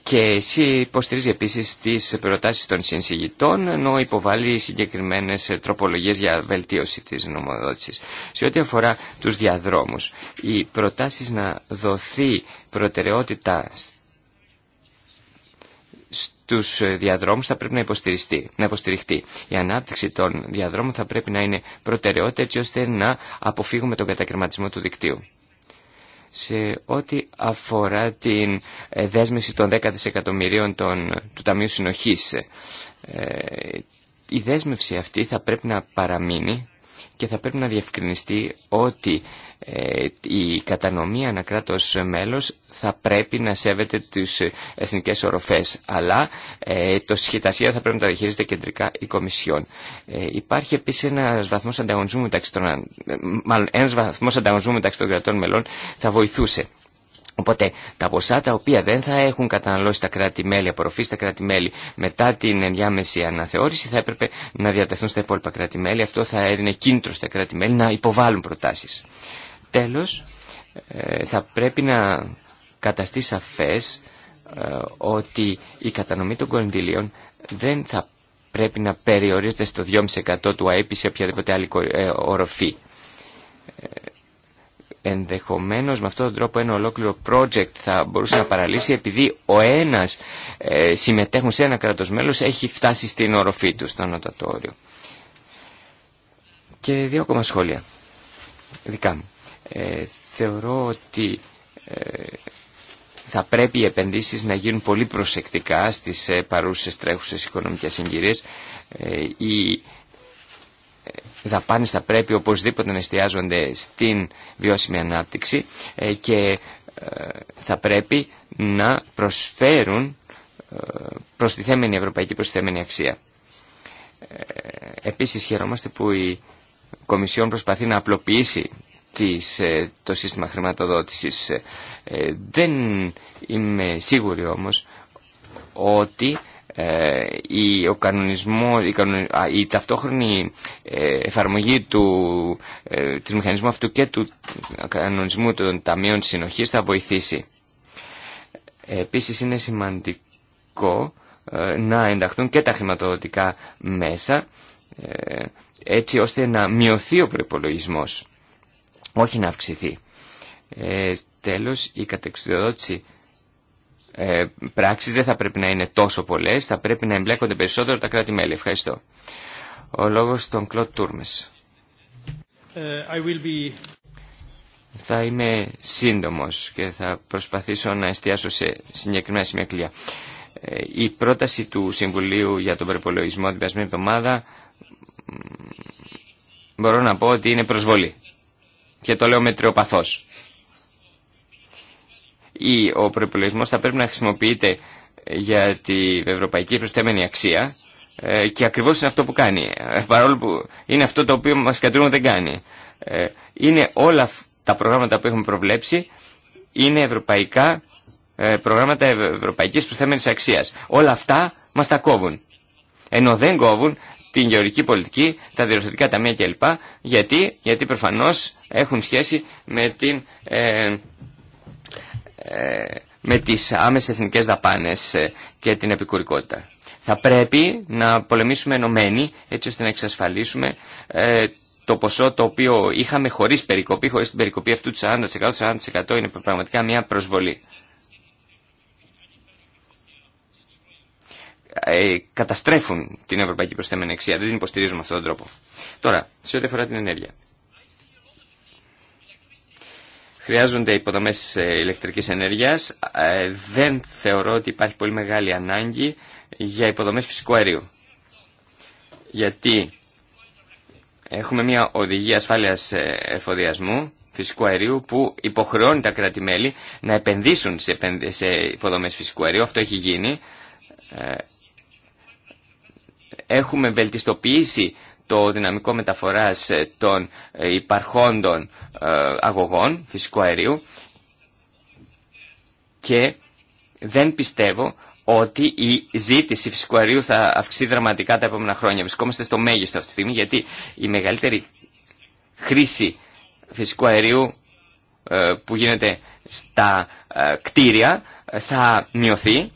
και εσύ υποστηρίζει επίσης τις προτάσεις των συνσηγητών, ενώ υποβάλλει συγκεκριμένες τροπολογίες για βελτίωση της νομοδότησης. Σε ό,τι αφορά τους διαδρόμους, οι προτάσεις να δοθεί προτεραιότητα στους διαδρόμους θα πρέπει να, υποστηριχτεί, να υποστηριχτεί. Η ανάπτυξη των διαδρόμων θα πρέπει να είναι προτεραιότητα έτσι ώστε να αποφύγουμε τον κατακαιρματισμό του δικτύου. Σε ό,τι αφορά την ε, δέσμευση των 10 δισεκατομμυρίων των, του Ταμείου Συνοχής, ε, η δέσμευση αυτή θα πρέπει να παραμείνει και θα πρέπει να διευκρινιστεί ότι ε, η κατανομή ανακράτως μέλος θα πρέπει να σέβεται τις εθνικές οροφές αλλά ε, το σχετασία θα πρέπει να τα διαχειρίζεται κεντρικά η Κομισιόν. Ε, υπάρχει επίσης ένας βαθμός ανταγωνισμού μεταξύ των, ένας βαθμός ανταγωνισμού μεταξύ των κρατών μελών θα βοηθούσε. Οπότε τα ποσά τα οποία δεν θα έχουν καταναλώσει τα κράτη-μέλη, απορροφή στα κράτη-μέλη μετά την ενδιάμεση αναθεώρηση θα έπρεπε να διατεθούν στα υπόλοιπα κράτη-μέλη. Αυτό θα έδινε κίνητρο στα κράτη-μέλη να υποβάλουν προτάσεις. Τέλος, ε, θα πρέπει να καταστεί σαφές ε, ότι η κατανομή των κονδυλίων δεν θα πρέπει να περιορίζεται στο 2,5% του ΑΕΠ σε οποιαδήποτε άλλη ε, οροφή ενδεχομένως με αυτόν τον τρόπο ένα ολόκληρο project θα μπορούσε να παραλύσει επειδή ο ένας ε, συμμετέχουν σε ένα κράτος μέλος έχει φτάσει στην οροφή του, στο νοτατόριο. Και δύο ακόμα σχόλια δικά μου. Ε, θεωρώ ότι ε, θα πρέπει οι επενδύσεις να γίνουν πολύ προσεκτικά στις ε, παρούσες τρέχουσες οικονομικές συγκυρίες. Οι δαπάνες θα πρέπει οπωσδήποτε να εστιάζονται στην βιώσιμη ανάπτυξη ε, και ε, θα πρέπει να προσφέρουν ε, προστιθέμενη ευρωπαϊκή προστιθέμενη αξία. Επίσης χαιρόμαστε που η Κομισιόν προσπαθεί να απλοποιήσει της, το σύστημα χρηματοδότησης. Δεν είμαι σίγουρη όμως ότι ε, η, ο κανονισμός η, ταυτόχρονη ε, εφαρμογή του, ε, μηχανισμού αυτού και του κανονισμού των ταμείων συνοχής θα βοηθήσει. Επίσης είναι σημαντικό ε, να ενταχθούν και τα χρηματοδοτικά μέσα έτσι ώστε να μειωθεί ο προπολογισμό, όχι να αυξηθεί. Ε, τέλος, η κατεξουδότηση ε, πράξεις δεν θα πρέπει να είναι τόσο πολλές, θα πρέπει να εμπλέκονται περισσότερο τα κράτη-μέλη. Ευχαριστώ. Ο λόγος των Κλωτ Τούρμες. Ε, θα είμαι σύντομος και θα προσπαθήσω να εστιάσω σε συγκεκριμένα σημεία ε, Η πρόταση του Συμβουλίου για τον Περιπολογισμό την περασμένη εβδομάδα μπορώ να πω ότι είναι προσβολή. Και το λέω με μετριοπαθώς ή ο προπολογισμό θα πρέπει να χρησιμοποιείται για την ευρωπαϊκή προστέμενη αξία ε, και ακριβώς είναι αυτό που κάνει. Ε, παρόλο που είναι αυτό το οποίο μας κατηγορούν δεν κάνει. Ε, είναι όλα τα προγράμματα που έχουμε προβλέψει είναι ευρωπαϊκά προγράμματα ευρωπαϊκής προστέμενης αξίας. Όλα αυτά μας τα κόβουν. Ενώ δεν κόβουν την γεωρική πολιτική, τα διευθυντικά ταμεία κλπ. Γιατί, γιατί προφανώς έχουν σχέση με την ε, με τις άμεσες εθνικές δαπάνες ε, και την επικουρικότητα. Θα πρέπει να πολεμήσουμε ενωμένοι έτσι ώστε να εξασφαλίσουμε ε, το ποσό το οποίο είχαμε χωρίς περικοπή, χωρίς την περικοπή αυτού του 40%, 40% είναι πραγματικά μια προσβολή. καταστρέφουν την ευρωπαϊκή προσθέμενη αξία. Δεν την υποστηρίζουμε αυτόν τον τρόπο. Τώρα, σε ό,τι αφορά την ενέργεια. Χρειάζονται υποδομές ε, ηλεκτρικής ενέργειας. Ε, δεν θεωρώ ότι υπάρχει πολύ μεγάλη ανάγκη για υποδομές φυσικού αερίου. Γιατί έχουμε μια οδηγία ασφάλειας ε, εφοδιασμού φυσικού αερίου που υποχρεώνει τα κράτη-μέλη να επενδύσουν σε υποδομές φυσικού αερίου. Αυτό έχει γίνει. Έχουμε βελτιστοποιήσει το δυναμικό μεταφοράς ε, των ε, υπαρχόντων ε, αγωγών φυσικού αερίου και δεν πιστεύω ότι η ζήτηση φυσικού αερίου θα αυξηθεί δραματικά τα επόμενα χρόνια. Βρισκόμαστε στο μέγιστο αυτή τη στιγμή γιατί η μεγαλύτερη χρήση φυσικού αερίου που γίνεται στα κτίρια θα μειωθεί.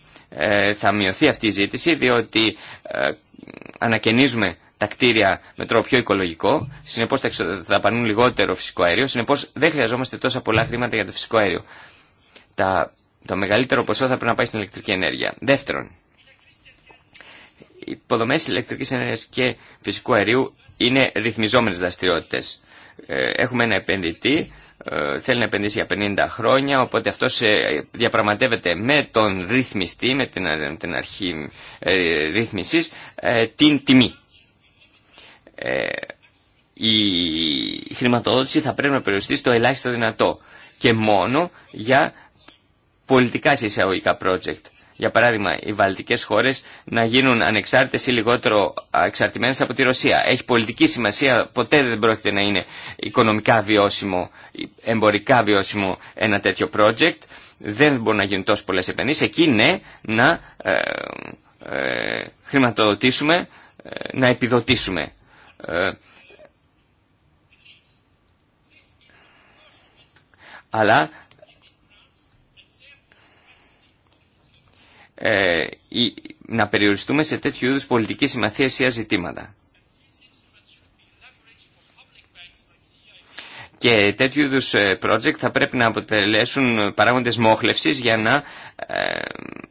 Θα μειωθεί αυτή η ζήτηση διότι ανακαινίζουμε τα κτίρια με τρόπο πιο οικολογικό, συνεπώς θα δαπανούν λιγότερο φυσικό αέριο, συνεπώς δεν χρειαζόμαστε τόσα πολλά χρήματα για το φυσικό αέριο. Τα, το μεγαλύτερο ποσό θα πρέπει να πάει στην ηλεκτρική ενέργεια. Δεύτερον, οι υποδομές ηλεκτρικής ενέργειας και φυσικού αερίου είναι ρυθμιζόμενες δραστηριότητες. Ε, έχουμε ένα επενδυτή, ε, θέλει να επενδύσει για 50 χρόνια, οπότε αυτό ε, διαπραγματεύεται με τον ρυθμιστή, με την αρχή ρύθμισης, την τιμή. Ε, η χρηματοδότηση θα πρέπει να περιοριστεί στο ελάχιστο δυνατό και μόνο για πολιτικά συσσαγωγικά project. Για παράδειγμα, οι βαλτικές χώρες να γίνουν ανεξάρτητες ή λιγότερο εξαρτημένες από τη Ρωσία. Έχει πολιτική σημασία, ποτέ δεν πρόκειται να είναι οικονομικά βιώσιμο, εμπορικά βιώσιμο ένα τέτοιο project. Δεν μπορούν να γίνουν τόσο πολλές επενδύσεις. Εκεί ναι, να ε, ε, χρηματοδοτήσουμε, να επιδοτήσουμε ε, αλλά ε, να περιοριστούμε σε τέτοιου είδους πολιτική ή ζητήματα. Και τέτοιου είδου ε, project θα πρέπει να αποτελέσουν παράγοντες μόχλευσης για να ε,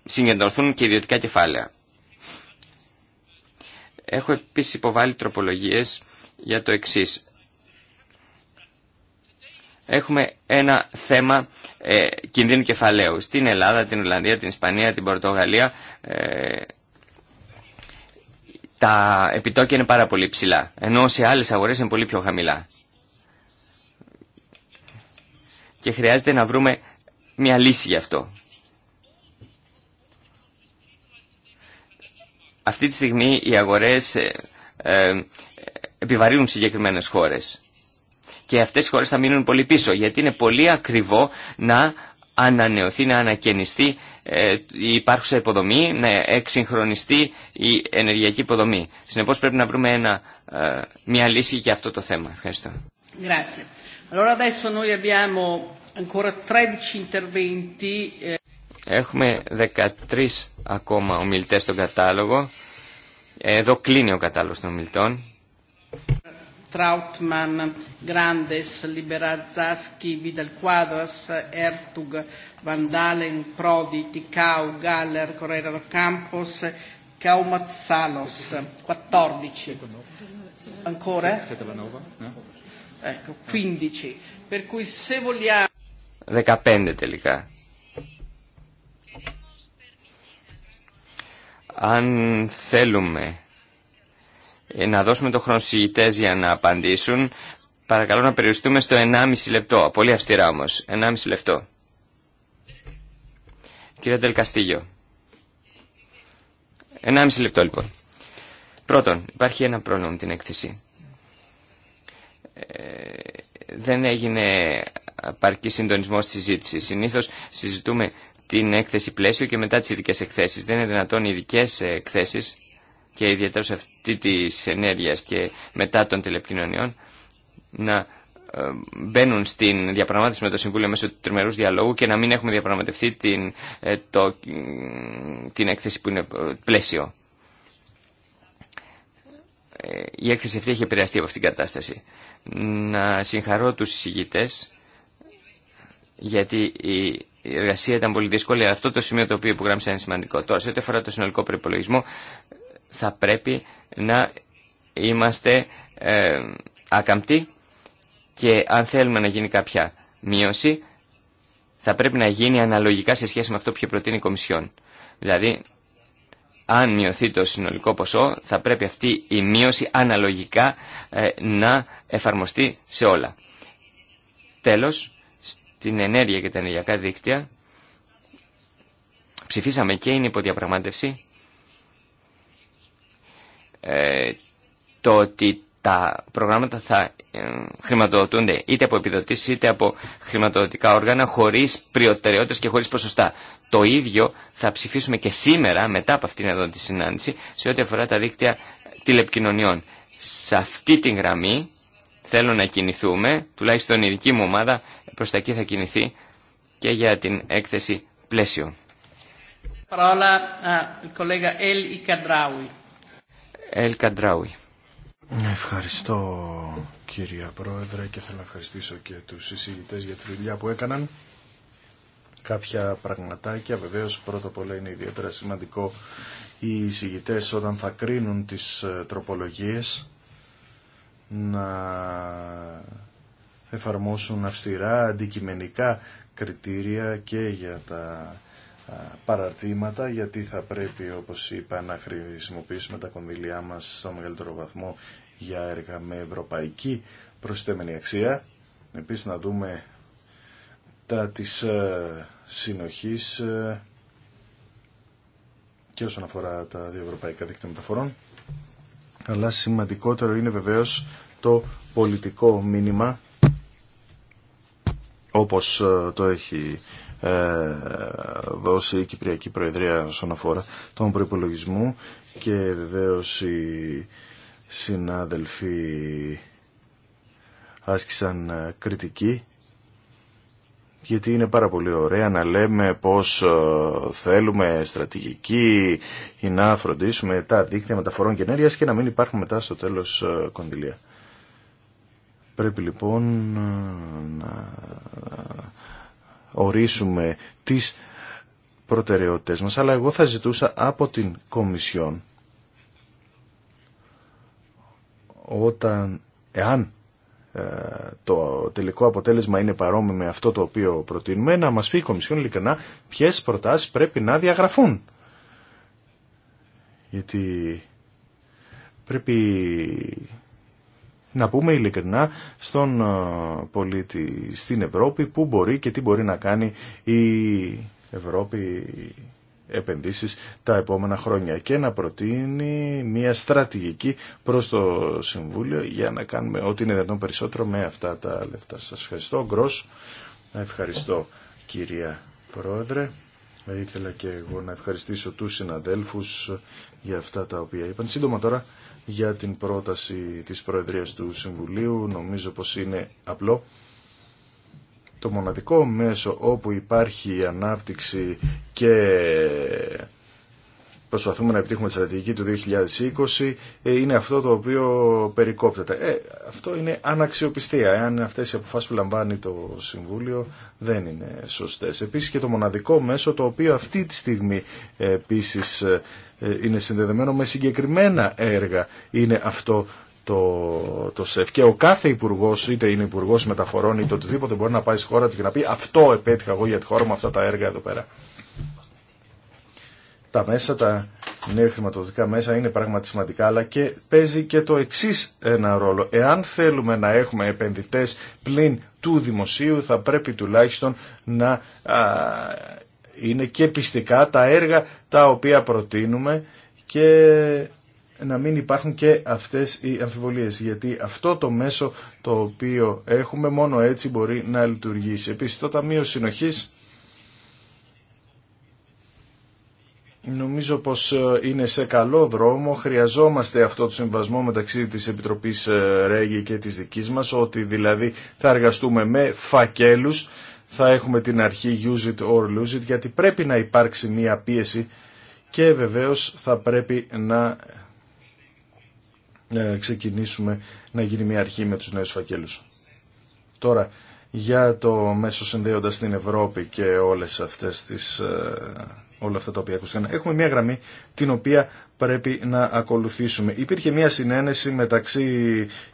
συγκεντρωθούν και ιδιωτικά κεφάλαια. Έχω επίση υποβάλει τροπολογίες για το εξή. Έχουμε ένα θέμα ε, κινδύνου κεφαλαίου. Στην Ελλάδα, την Ολλανδία, την Ισπανία, την Πορτογαλία ε, τα επιτόκια είναι πάρα πολύ ψηλά, ενώ σε άλλες αγορές είναι πολύ πιο χαμηλά. Και χρειάζεται να βρούμε μια λύση γι' αυτό. Αυτή τη στιγμή οι αγορές ε, ε, επιβαρύνουν συγκεκριμένες χώρες. Και αυτές οι χώρες θα μείνουν πολύ πίσω, γιατί είναι πολύ ακριβό να ανανεωθεί, να ανακαινιστεί ε, η υπάρχουσα υποδομή, να εξυγχρονιστεί η ενεργειακή υποδομή. Συνεπώς πρέπει να βρούμε ένα, μια λύση για αυτό το θέμα. Ευχαριστώ. Allora adesso noi abbiamo ancora 13 interventi. Eh, Έχουμε 13 ακόμα ομιλητές στον κατάλογο. Εδώ κλείνει ο κατάλογος των ομιλητών. Trautmann, Grandes, Liberazzaski, Vidal Quadras, Ertug, Vandalen, Prodi, Ticau, Galler, Correra do Campos, Caumazzalos. 14. Ancora? Ecco, 15. Per cui se vogliamo... 15 τελικά. Αν θέλουμε ε, να δώσουμε το χρόνο στους για να απαντήσουν, παρακαλώ να περιοριστούμε στο 1,5 λεπτό. Πολύ αυστηρά όμως. 1,5 λεπτό. Κύριε Τελκαστήγιο. 1,5 λεπτό λοιπόν. Πρώτον, υπάρχει ένα πρόβλημα με την έκθεση. Ε, δεν έγινε απαρκή συντονισμό τη συζήτηση. Συνήθω συζητούμε την έκθεση πλαίσιο και μετά τις ειδικέ εκθέσεις. Δεν είναι δυνατόν οι ειδικέ εκθέσεις και ιδιαίτερα σε αυτή τη ενέργεια και μετά των τηλεπικοινωνιών να ε, μπαίνουν στην διαπραγμάτευση με το Συμβούλιο μέσω του τριμερούς διαλόγου και να μην έχουμε διαπραγματευτεί την, ε, το, την έκθεση που είναι ε, πλαίσιο. Η έκθεση αυτή έχει επηρεαστεί από αυτήν την κατάσταση. Να συγχαρώ τους συζητητές γιατί η η εργασία ήταν πολύ δύσκολη. Αυτό το σημείο το οποίο υπογράμμισα είναι σημαντικό. Τώρα, σε ό,τι αφορά το συνολικό προπολογισμό, θα πρέπει να είμαστε ε, ακαμπτοί και αν θέλουμε να γίνει κάποια μείωση, θα πρέπει να γίνει αναλογικά σε σχέση με αυτό που προτείνει η Κομισιόν. Δηλαδή, αν μειωθεί το συνολικό ποσό, θα πρέπει αυτή η μείωση αναλογικά ε, να εφαρμοστεί σε όλα. Τέλος, την ενέργεια και τα ενεργειακά δίκτυα. Ψηφίσαμε και είναι υποδιαπραγμάτευση ε, το ότι τα προγράμματα θα ε, χρηματοδοτούνται είτε από επιδοτήσεις είτε από χρηματοδοτικά όργανα χωρίς πριοτεραιότητες και χωρίς ποσοστά. Το ίδιο θα ψηφίσουμε και σήμερα μετά από αυτήν εδώ τη συνάντηση σε ό,τι αφορά τα δίκτυα τηλεπικοινωνιών. Σε αυτή την γραμμή θέλω να κινηθούμε, τουλάχιστον η δική μου ομάδα προς τα εκεί θα κινηθεί και για την έκθεση πλαίσιο. Ελ Καντράουι. Ευχαριστώ κυρία Πρόεδρε και θέλω να ευχαριστήσω και τους συζητητές για τη δουλειά που έκαναν. Κάποια πραγματάκια, βεβαίως πρώτα απ' όλα είναι ιδιαίτερα σημαντικό οι εισηγητές όταν θα κρίνουν τις ε, τροπολογίες να εφαρμόσουν αυστηρά αντικειμενικά κριτήρια και για τα παραρτήματα γιατί θα πρέπει όπως είπα να χρησιμοποιήσουμε τα κονδυλιά μας στο μεγαλύτερο βαθμό για έργα με ευρωπαϊκή προσθέμενη αξία. Επίσης να δούμε τα της συνοχής και όσον αφορά τα δύο ευρωπαϊκά δίκτυα μεταφορών. Αλλά σημαντικότερο είναι βεβαίως το πολιτικό μήνυμα όπως ε, το έχει ε, δώσει η Κυπριακή Προεδρία στον αφορά τον προϋπολογισμό και βεβαίως οι συνάδελφοι άσκησαν ε, κριτική γιατί είναι πάρα πολύ ωραία να λέμε πως θέλουμε στρατηγική ή να φροντίσουμε τα δίκτυα μεταφορών και ενέργειας και να μην υπάρχουν μετά στο τέλος κονδυλία. Πρέπει λοιπόν ε, να ορίσουμε τις προτεραιότητες μας, αλλά εγώ θα ζητούσα από την Κομισιόν όταν, εάν ε, το τελικό αποτέλεσμα είναι παρόμοιο με αυτό το οποίο προτείνουμε, να μας πει η Κομισιόν ειλικρινά ποιες προτάσεις πρέπει να διαγραφούν. Γιατί πρέπει να πούμε ειλικρινά στον ε, πολίτη στην Ευρώπη που μπορεί και τι μπορεί να κάνει η Ευρώπη επενδύσεις τα επόμενα χρόνια και να προτείνει μια στρατηγική προς το Συμβούλιο για να κάνουμε ό,τι είναι δυνατόν περισσότερο με αυτά τα λεφτά. Σας ευχαριστώ. Γκρος, ευχαριστώ κυρία Πρόεδρε. Ήθελα και εγώ να ευχαριστήσω τους συναδέλφους για αυτά τα οποία είπαν. Σύντομα τώρα για την πρόταση της Προεδρίας του Συμβουλίου. Νομίζω πως είναι απλό. Το μοναδικό μέσο όπου υπάρχει ανάπτυξη και προσπαθούμε να επιτύχουμε τη στρατηγική του 2020 ε, είναι αυτό το οποίο περικόπτεται. Ε, αυτό είναι αναξιοπιστία. Εάν αυτέ οι αποφάσει που λαμβάνει το Συμβούλιο δεν είναι σωστέ. Επίση και το μοναδικό μέσο το οποίο αυτή τη στιγμή ε, επίσης ε, είναι συνδεδεμένο με συγκεκριμένα έργα είναι αυτό το, το ΣΕΦ. Και ο κάθε υπουργό, είτε είναι υπουργό μεταφορών είτε οτιδήποτε, μπορεί να πάει στη χώρα του και να πει Αυτό επέτυχα εγώ για τη χώρα μου, αυτά τα έργα εδώ πέρα τα μέσα, τα νέα χρηματοδοτικά μέσα είναι πράγματι σημαντικά, αλλά και παίζει και το εξή ένα ρόλο. Εάν θέλουμε να έχουμε επενδυτέ πλην του δημοσίου, θα πρέπει τουλάχιστον να είναι και πιστικά τα έργα τα οποία προτείνουμε και να μην υπάρχουν και αυτές οι αμφιβολίες γιατί αυτό το μέσο το οποίο έχουμε μόνο έτσι μπορεί να λειτουργήσει. Επίσης το Ταμείο Συνοχής Νομίζω πως ε, είναι σε καλό δρόμο. Χρειαζόμαστε αυτό το συμβασμό μεταξύ της Επιτροπής ε, Ρέγγι και της δικής μας, ότι δηλαδή θα εργαστούμε με φακέλους, θα έχουμε την αρχή use it or lose it, γιατί πρέπει να υπάρξει μία πίεση και βεβαίως θα πρέπει να ε, ξεκινήσουμε να γίνει μία αρχή με τους νέους φακέλους. Τώρα, για το μέσο συνδέοντας την Ευρώπη και όλες αυτές τις όλα αυτά τα οποία ακούστηκαν. Έχουμε μια γραμμή την οποία πρέπει να ακολουθήσουμε. Υπήρχε μια συνένεση μεταξύ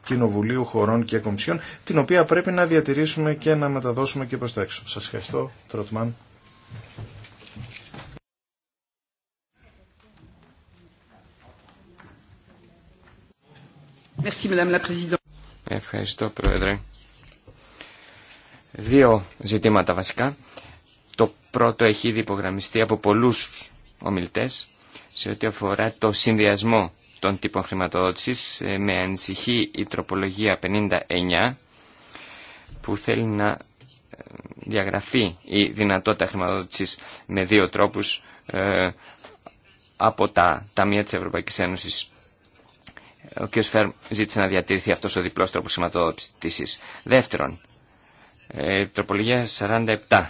Κοινοβουλίου, Χωρών και Κομισιών, την οποία πρέπει να διατηρήσουμε και να μεταδώσουμε και προς τα έξω. Σας ευχαριστώ, Τροτμάν. Ευχαριστώ, Πρόεδρε. Δύο ζητήματα βασικά. Το πρώτο έχει ήδη υπογραμμιστεί από πολλούς ομιλητές σε ό,τι αφορά το συνδυασμό των τύπων χρηματοδότησης ε, με ανησυχή η τροπολογία 59 που θέλει να ε, διαγραφεί η δυνατότητα χρηματοδότησης με δύο τρόπους ε, από τα ταμεία της Ευρωπαϊκής Ένωσης. Ο κ. Φέρμ ζήτησε να διατηρηθεί αυτός ο διπλός τρόπος χρηματοδότησης. Δεύτερον, τροπολογία 47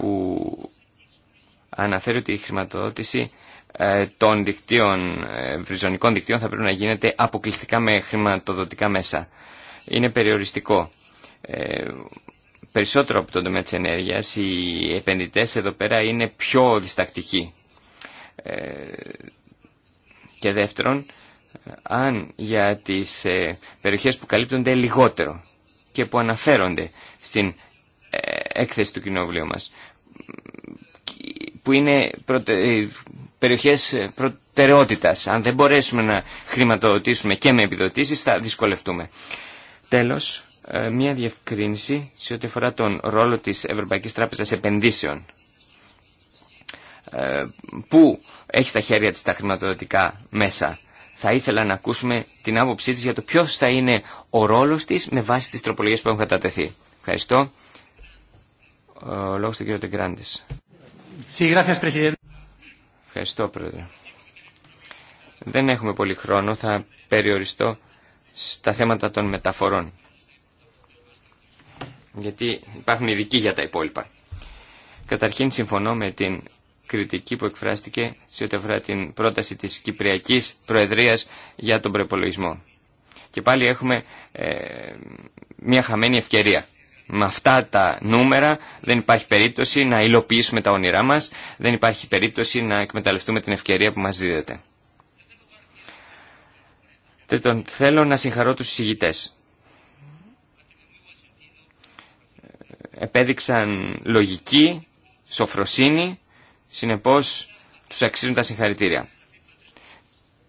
που αναφέρει ότι η χρηματοδότηση ε, των δικτύων, ε, βριζονικών δικτύων θα πρέπει να γίνεται αποκλειστικά με χρηματοδοτικά μέσα. Είναι περιοριστικό. Ε, περισσότερο από τον τομέα της ενέργειας, οι επενδυτές εδώ πέρα είναι πιο διστακτικοί. Και δεύτερον, αν για τις περιοχές που καλύπτονται λιγότερο και που αναφέρονται στην έκθεση του κοινόβουλίου μας που είναι ε, περιοχές προτεραιότητας. Αν δεν μπορέσουμε να χρηματοδοτήσουμε και με επιδοτήσεις θα δυσκολευτούμε. Τέλος, ε, μια διευκρίνηση σε ό,τι αφορά τον ρόλο της Ευρωπαϊκής Τράπεζας Επενδύσεων ε, που έχει στα χέρια της τα χρηματοδοτικά μέσα. Θα ήθελα να ακούσουμε την άποψή της για το ποιος θα είναι ο ρόλος της με βάση τις τροπολογίες που έχουν κατατεθεί. Ευχαριστώ. Ο λόγος του Τεγκράντης. Ευχαριστώ, Πρόεδρε. Δεν έχουμε πολύ χρόνο. Θα περιοριστώ στα θέματα των μεταφορών. Γιατί υπάρχουν ειδικοί για τα υπόλοιπα. Καταρχήν συμφωνώ με την κριτική που εκφράστηκε σε ό,τι αφορά την πρόταση της Κυπριακής Προεδρίας για τον προπολογισμό. Και πάλι έχουμε ε, μια χαμένη ευκαιρία με αυτά τα νούμερα δεν υπάρχει περίπτωση να υλοποιήσουμε τα όνειρά μας, δεν υπάρχει περίπτωση να εκμεταλλευτούμε την ευκαιρία που μας δίδεται. Τρίτον, θέλω να συγχαρώ τους συζητητές. Επέδειξαν λογική, σοφροσύνη, συνεπώς τους αξίζουν τα συγχαρητήρια.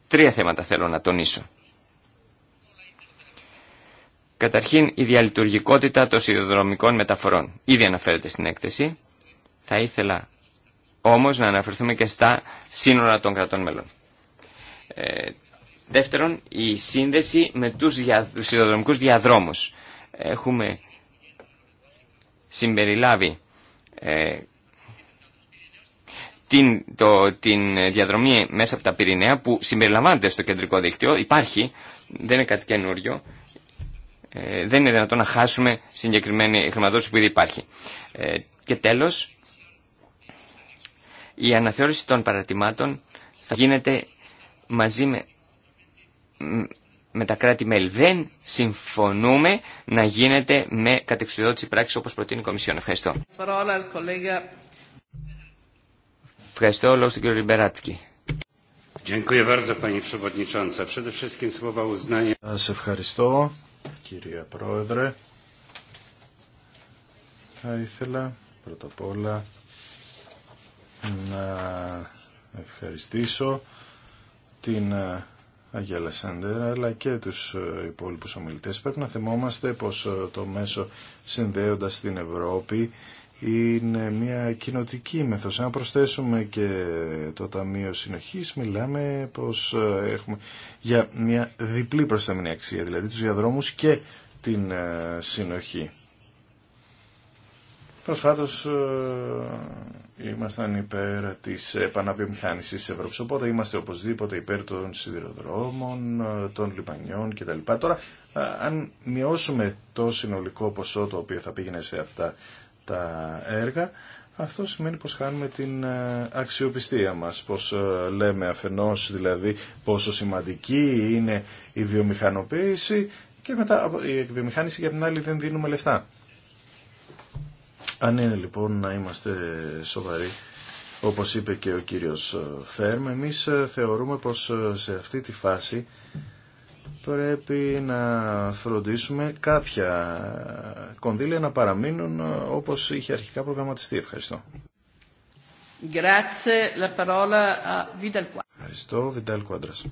Τρία θέματα θέλω να τονίσω. Καταρχήν, η διαλειτουργικότητα των σιδηροδρομικών μεταφορών. Ήδη αναφέρεται στην έκθεση. Θα ήθελα όμως να αναφερθούμε και στα σύνορα των κρατών μέλων. Ε, δεύτερον, η σύνδεση με τους σιδηροδρομικούς διαδρόμους. Έχουμε συμπεριλάβει ε, την, την διαδρομή μέσα από τα Πυρηναία που συμπεριλαμβάνεται στο κεντρικό δίκτυο. Υπάρχει, δεν είναι κάτι καινούριο. Ε, δεν είναι δυνατόν να χάσουμε συγκεκριμένη χρηματοδότηση που ήδη υπάρχει. Ε, και τέλος, η αναθεώρηση των παρατημάτων θα γίνεται μαζί με, τα κράτη-μέλη. Δεν συμφωνούμε να γίνεται με κατεξουδότηση πράξη όπως προτείνει η Κομισιόν. Ευχαριστώ. Ευχαριστώ λόγω του κύριο Ριμπεράτσκι. Σας ευχαριστώ κυρία Πρόεδρε. Θα ήθελα πρώτα απ' όλα να ευχαριστήσω την Αγία Λασάντερα αλλά και τους υπόλοιπους ομιλητές. Πρέπει να θυμόμαστε πως το μέσο συνδέοντας την Ευρώπη είναι μια κοινοτική μέθοδος. Αν προσθέσουμε και το Ταμείο Συνοχής, μιλάμε πως ε, έχουμε για μια διπλή προσταμινή αξία, δηλαδή τους διαδρόμους και την ε, συνοχή. Προσφάτως ε, ήμασταν υπέρ της επαναβιομηχάνησης της Ευρώπης, οπότε είμαστε οπωσδήποτε υπέρ των σιδηροδρόμων, των λιμανιών κτλ. Τώρα, αν μειώσουμε το συνολικό ποσό το οποίο θα πήγαινε σε αυτά τα έργα, αυτό σημαίνει πως χάνουμε την ε, αξιοπιστία μας, πως ε, λέμε αφενός δηλαδή πόσο σημαντική είναι η βιομηχανοποίηση και μετά ε, η βιομηχάνηση για την άλλη δεν δίνουμε λεφτά. Αν είναι λοιπόν να είμαστε σοβαροί, όπως είπε και ο κύριος Φέρμ, εμείς θεωρούμε πως σε αυτή τη φάση πρέπει να φροντίσουμε κάποια κονδύλια να παραμείνουν όπως είχε αρχικά προγραμματιστεί. Ευχαριστώ. Ευχαριστώ, Βιντάλ Κουάντρας.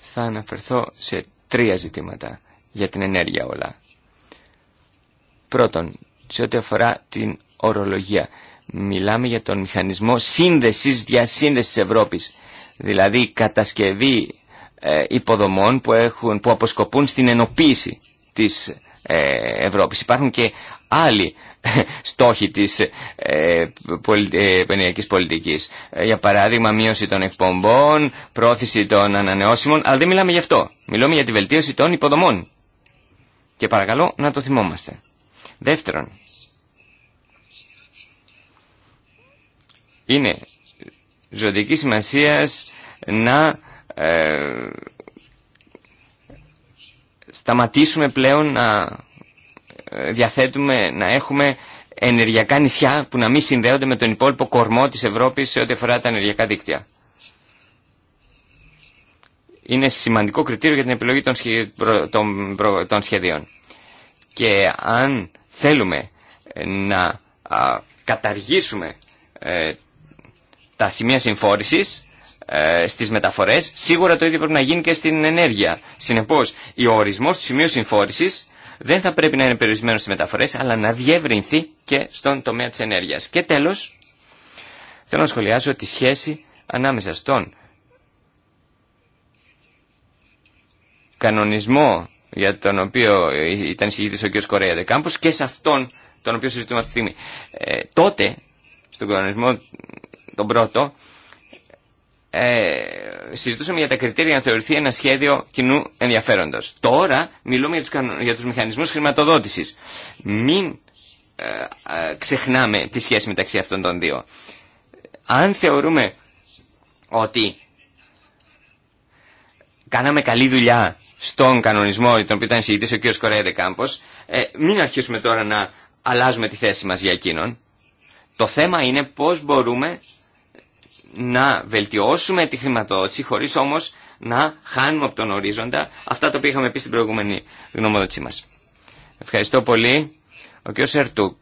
Θα αναφερθώ σε τρία ζητήματα για την ενέργεια όλα. Πρώτον, σε ό,τι αφορά την ορολογία μιλάμε για τον μηχανισμό σύνδεσης διασύνδεσης Ευρώπης. Δηλαδή κατασκευή ε, υποδομών που, έχουν, που αποσκοπούν στην ενοποίηση της ε, Ευρώπης. Υπάρχουν και άλλοι ε, στόχοι της ε, πολι, ε, πολιτικής. για παράδειγμα, μείωση των εκπομπών, πρόθεση των ανανεώσιμων, αλλά δεν μιλάμε γι' αυτό. Μιλάμε για τη βελτίωση των υποδομών. Και παρακαλώ να το θυμόμαστε. Δεύτερον, είναι ζωτική σημασία να ε, σταματήσουμε πλέον να ε, διαθέτουμε, να έχουμε ενεργειακά νησιά που να μην συνδέονται με τον υπόλοιπο κορμό της Ευρώπης σε ό,τι αφορά τα ενεργειακά δίκτυα. Είναι σημαντικό κριτήριο για την επιλογή των, των σχεδίων. Και αν θέλουμε να καταργήσουμε ε, τα σημεία συμφόρηση ε, στις μεταφορές, σίγουρα το ίδιο πρέπει να γίνει και στην ενέργεια. Συνεπώς, ο ορισμός του σημείου συμφόρησης δεν θα πρέπει να είναι περιορισμένο στις μεταφορές, αλλά να διευρυνθεί και στον τομέα της ενέργειας. Και τέλος, θέλω να σχολιάσω τη σχέση ανάμεσα στον κανονισμό για τον οποίο ήταν εισηγητής ο κ. Κορέα Δεκάμπος και σε αυτόν τον οποίο συζητούμε αυτή τη στιγμή. Ε, τότε στον κανονισμό τον πρώτο, ε, συζητούσαμε για τα κριτήρια να θεωρηθεί ένα σχέδιο κοινού ενδιαφέροντος. Τώρα μιλούμε για τους, για τους μηχανισμούς χρηματοδότησης. Μην ε, ε, ξεχνάμε τη σχέση μεταξύ αυτών των δύο. Αν θεωρούμε ότι κάναμε καλή δουλειά στον κανονισμό τον οποίο ήταν συγητής ο κ. Κορέδε Κάμπος, ε, μην αρχίσουμε τώρα να αλλάζουμε τη θέση μας για εκείνον. Το θέμα είναι πώς μπορούμε να βελτιώσουμε τη χρηματοδότηση χωρίς όμως να χάνουμε από τον ορίζοντα αυτά τα οποία είχαμε πει στην προηγούμενη γνωμοδότησή μας. Ευχαριστώ πολύ. Ο κ. Σερτούκ.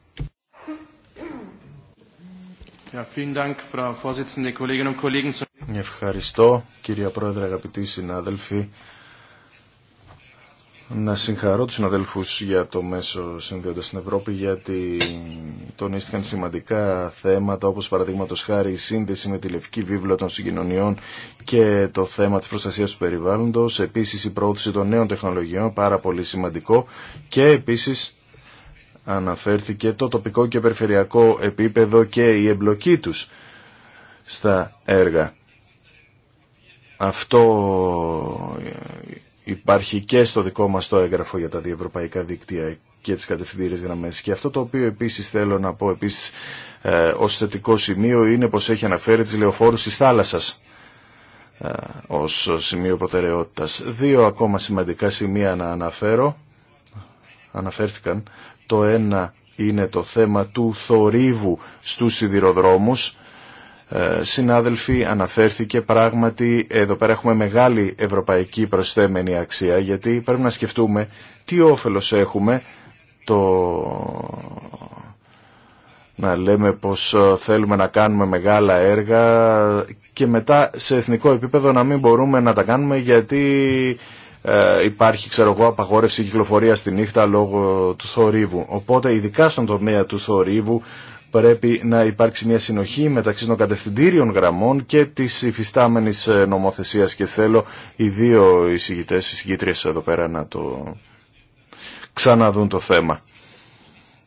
Ευχαριστώ κύριε Πρόεδρε αγαπητοί συνάδελφοι να συγχαρώ τους συναδέλφους για το μέσο συνδέοντας στην Ευρώπη γιατί τονίστηκαν σημαντικά θέματα όπως παραδείγματο χάρη η σύνδεση με τη Λευκή Βίβλα των Συγκοινωνιών και το θέμα της προστασίας του περιβάλλοντος, επίσης η προώθηση των νέων τεχνολογιών, πάρα πολύ σημαντικό και επίσης αναφέρθηκε το τοπικό και περιφερειακό επίπεδο και η εμπλοκή τους στα έργα. Αυτό υπάρχει και στο δικό μας το έγγραφο για τα διευρωπαϊκά δίκτυα και τις κατευθυντήριες γραμμές. Και αυτό το οποίο επίσης θέλω να πω επίσης ε, ως θετικό σημείο είναι πως έχει αναφέρει τις λεωφόρους της θάλασσας ε, ως σημείο προτεραιότητας. Δύο ακόμα σημαντικά σημεία να αναφέρω, αναφέρθηκαν. Το ένα είναι το θέμα του θορύβου στους σιδηροδρόμους ε, συνάδελφοι αναφέρθηκε πράγματι εδώ πέρα έχουμε μεγάλη ευρωπαϊκή προσθέμενη αξία γιατί πρέπει να σκεφτούμε τι όφελος έχουμε το να λέμε πως ε, θέλουμε να κάνουμε μεγάλα έργα και μετά σε εθνικό επίπεδο να μην μπορούμε να τα κάνουμε γιατί ε, υπάρχει ξέρω εγώ απαγόρευση κυκλοφορία στη νύχτα λόγω του θορύβου. Οπότε ειδικά στον τομέα του θορύβου πρέπει να υπάρξει μια συνοχή μεταξύ των κατευθυντήριων γραμμών και της υφιστάμενης ε, νομοθεσίας και θέλω οι δύο εισηγητέ, οι συγκήτριες εδώ πέρα να το ξαναδούν το θέμα.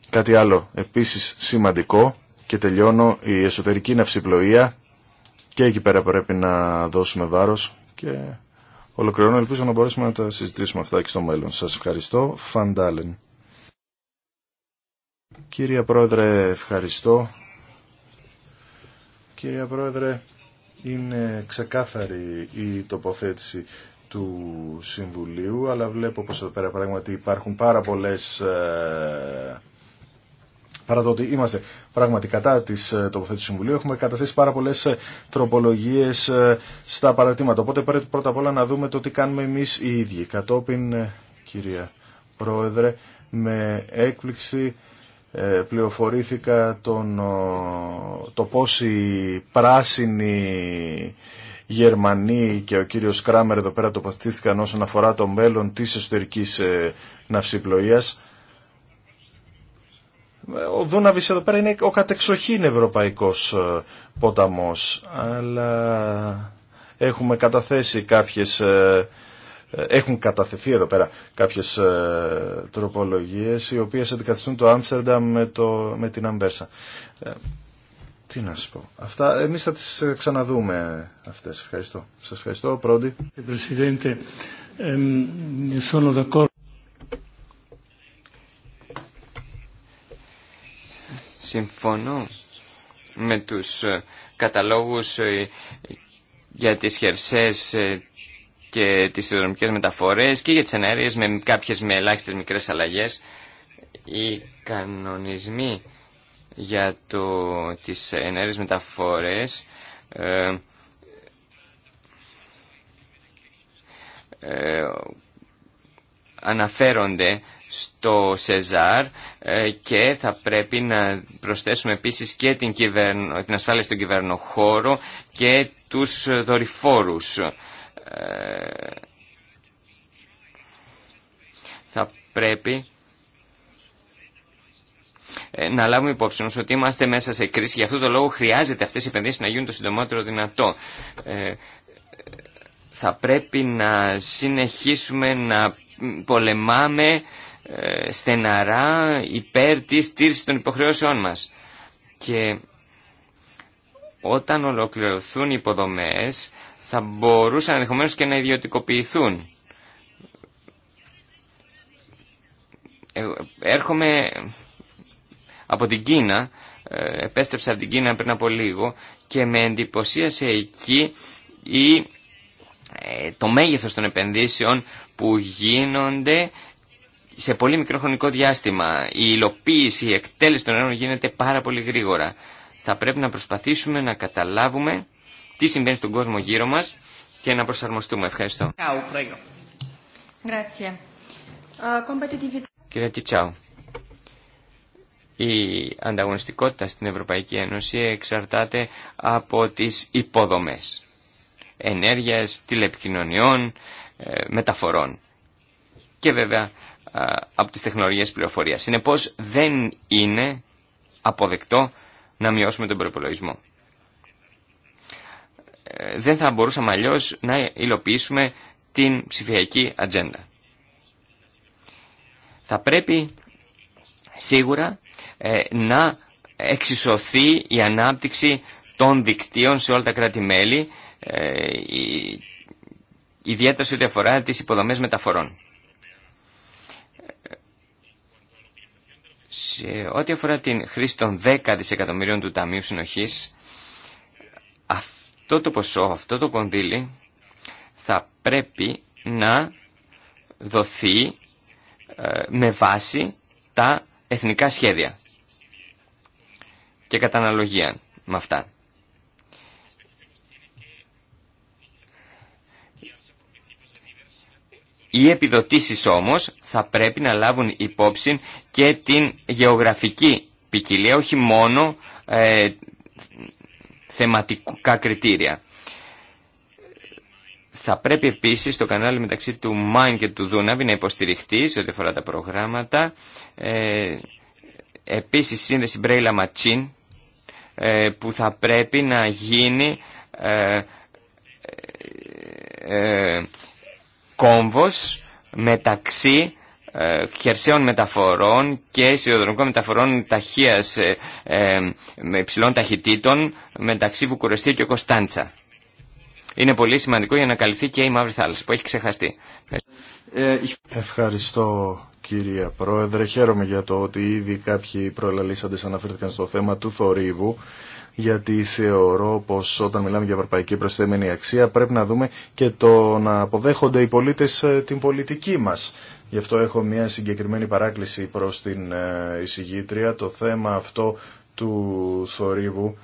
Κάτι άλλο επίσης σημαντικό και τελειώνω η εσωτερική ναυσιπλοεία και εκεί πέρα πρέπει να δώσουμε βάρος και ολοκληρώνω ελπίζω να μπορέσουμε να τα συζητήσουμε αυτά και στο μέλλον. Σα ευχαριστώ. Φαντάλεν. Κύριε Πρόεδρε, ευχαριστώ. Κύριε Πρόεδρε, είναι ξεκάθαρη η τοποθέτηση του Συμβουλίου, αλλά βλέπω πως εδώ πέρα πράγματι υπάρχουν πάρα πολλές... Ε, παρά το ότι είμαστε πράγματι κατά τη ε, τοποθέτηση του Συμβουλίου, έχουμε καταθέσει πάρα πολλέ ε, τροπολογίε στα παρατήματα. Οπότε πρέπει πρώτα απ' όλα να δούμε το τι κάνουμε εμεί οι ίδιοι. Κατόπιν, κυρία Πρόεδρε, με έκπληξη ε, πληροφορήθηκα τον, το πώς οι πράσινοι Γερμανοί και ο κύριος Κράμερ εδώ πέρα τοποθετήθηκαν όσον αφορά το μέλλον της εσωτερικής ε, ναυσιπλοείας. Ο Δούναβης εδώ πέρα είναι ο κατεξοχήν ευρωπαϊκός ε, ποταμός, αλλά έχουμε καταθέσει κάποιες ε, έχουν καταθεθεί εδώ πέρα κάποιες ε, τροπολογίες οι οποίες αντικαθιστούν το Άμστερνταμ με, με την Αμβέρσα. Ε, τι να σας πω. Αυτά, εμείς θα τις ξαναδούμε αυτές. Ευχαριστώ. Σας ευχαριστώ. Πρόντι. Συμφωνώ με τους καταλόγους για τις χερσές και τι ιδεονομικές μεταφορέ και για τι ενέργειες με κάποιε με ελάχιστε μικρέ αλλαγέ. Οι κανονισμοί για το, τις ενέργειες μεταφορές ε, ε, αναφέρονται στο ΣΕΖΑΡ ε, και θα πρέπει να προσθέσουμε επίσης και την, κυβερνο, την ασφάλεια στον κυβερνοχώρο και τους δορυφόρους θα πρέπει ε, να λάβουμε υπόψη μας ότι είμαστε μέσα σε κρίση. Γι' αυτό το λόγο χρειάζεται αυτές οι επενδύσεις να γίνουν το συντομότερο δυνατό. Ε, θα πρέπει να συνεχίσουμε να πολεμάμε ε, στεναρά υπέρ της στήριξης των υποχρεώσεών μας. Και όταν ολοκληρωθούν οι υποδομές θα μπορούσαν ενδεχομένω και να ιδιωτικοποιηθούν. Ε, έρχομαι από την Κίνα, ε, επέστρεψα από την Κίνα πριν από λίγο και με εντυπωσίασε εκεί η, ε, το μέγεθος των επενδύσεων που γίνονται σε πολύ μικρό χρονικό διάστημα. Η υλοποίηση, η εκτέλεση των έργων γίνεται πάρα πολύ γρήγορα. Θα πρέπει να προσπαθήσουμε να καταλάβουμε τι συμβαίνει στον κόσμο γύρω μας και να προσαρμοστούμε. Ευχαριστώ. Κύριε Τιτσάου, η ανταγωνιστικότητα στην Ευρωπαϊκή Ένωση εξαρτάται από τις υποδομές ενέργειας, τηλεπικοινωνιών, ε, μεταφορών και βέβαια από τις τεχνολογίες πληροφορίας. Συνεπώς δεν είναι αποδεκτό να μειώσουμε τον προπολογισμό δεν θα μπορούσαμε αλλιώ να υλοποιήσουμε την ψηφιακή ατζέντα. Θα πρέπει σίγουρα ε, να εξισωθεί η ανάπτυξη των δικτύων σε όλα τα κράτη-μέλη, ε, ιδιαίτερα σε ό,τι αφορά τις υποδομές μεταφορών. Σε ό,τι αφορά την χρήση των 10 δισεκατομμυρίων του Ταμείου Συνοχής, αυτό το ποσό, αυτό το κονδύλι θα πρέπει να δοθεί ε, με βάση τα εθνικά σχέδια και κατά αναλογία με αυτά. Οι επιδοτήσεις όμως θα πρέπει να λάβουν υπόψη και την γεωγραφική ποικιλία, όχι μόνο ε, θεματικά κριτήρια. Θα πρέπει επίσης το κανάλι μεταξύ του Μάιν και του Δούναβη να υποστηριχτεί σε ό,τι αφορά τα προγράμματα. Ε, επίσης η σύνδεση Μπρέιλα Ματσίν ε, που θα πρέπει να γίνει ε, ε, ε κόμβος μεταξύ ε, χερσαίων μεταφορών και σιδηροδρομικών μεταφορών ταχείας ε, ε, με υψηλών ταχυτήτων μεταξύ Βουκουρεστή και Κωνσταντσα. Είναι πολύ σημαντικό για να καλυφθεί και η Μαύρη Θάλασσα που έχει ξεχαστεί. Ευχαριστώ κύριε Πρόεδρε. Χαίρομαι για το ότι ήδη κάποιοι προλαλήσαντες αναφέρθηκαν στο θέμα του θορύβου γιατί θεωρώ πως όταν μιλάμε για ευρωπαϊκή προσθέμενη αξία πρέπει να δούμε και το να αποδέχονται οι πολίτες την πολιτική μας Γι' αυτό έχω μια συγκεκριμένη παράκληση προς την ε, εισηγήτρια, το θέμα αυτό του θορύβου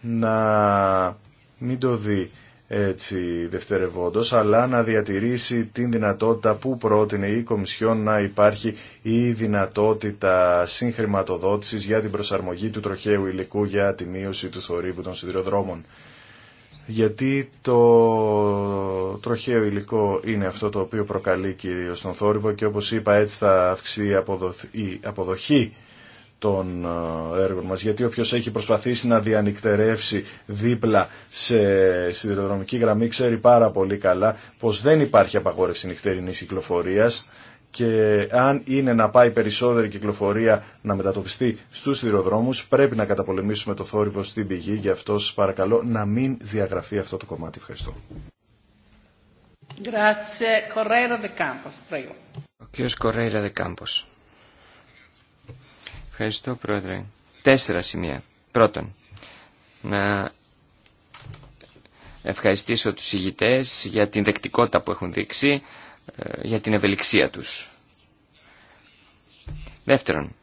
να μην το δει έτσι δευτερευόντως, αλλά να διατηρήσει την δυνατότητα που πρότεινε η Κομισιόν να υπάρχει η δυνατότητα συγχρηματοδότησης για την προσαρμογή του τροχαίου υλικού για τη μείωση του θορύβου των σιδηροδρόμων γιατί το τροχαίο υλικό είναι αυτό το οποίο προκαλεί κυρίως τον θόρυβο και όπως είπα έτσι θα αυξηθεί η αποδοχή των ε, έργων μας γιατί όποιος έχει προσπαθήσει να διανυκτερεύσει δίπλα σε σιδηροδρομική γραμμή ξέρει πάρα πολύ καλά πως δεν υπάρχει απαγόρευση νυχτερινής κυκλοφορίας και αν είναι να πάει περισσότερη κυκλοφορία να μετατοπιστεί στους σιδηροδρόμους πρέπει να καταπολεμήσουμε το θόρυβο στην πηγή γι' αυτό σας παρακαλώ να μην διαγραφεί αυτό το κομμάτι. Ευχαριστώ. Ο Κορέιρα Ευχαριστώ πρόεδρε. Τέσσερα σημεία. Πρώτον, να ευχαριστήσω τους ηγητές για την δεκτικότητα που έχουν δείξει ε, για την ευελιξία τους. Δεύτερον,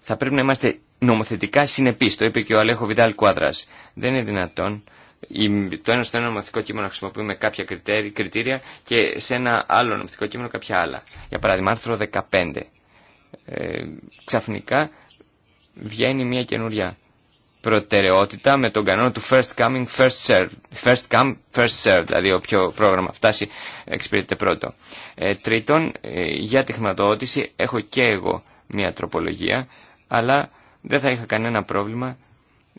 θα πρέπει να είμαστε νομοθετικά συνεπείς, το είπε και ο Αλέχο Βιδάλ Κουάδρας. Δεν είναι δυνατόν το ένα στο ένα νομοθετικό κείμενο να χρησιμοποιούμε κάποια κριτήρια και σε ένα άλλο νομοθετικό κείμενο κάποια άλλα. Για παράδειγμα, άρθρο 15. Ε, ξαφνικά βγαίνει μια καινούρια προτεραιότητα με τον κανόνα του first coming, first First come, first serve, δηλαδή όποιο πρόγραμμα φτάσει εξυπηρετείται πρώτο. Ε, τρίτον, ε, για τη χρηματοδότηση έχω και εγώ μια τροπολογία, αλλά δεν θα είχα κανένα πρόβλημα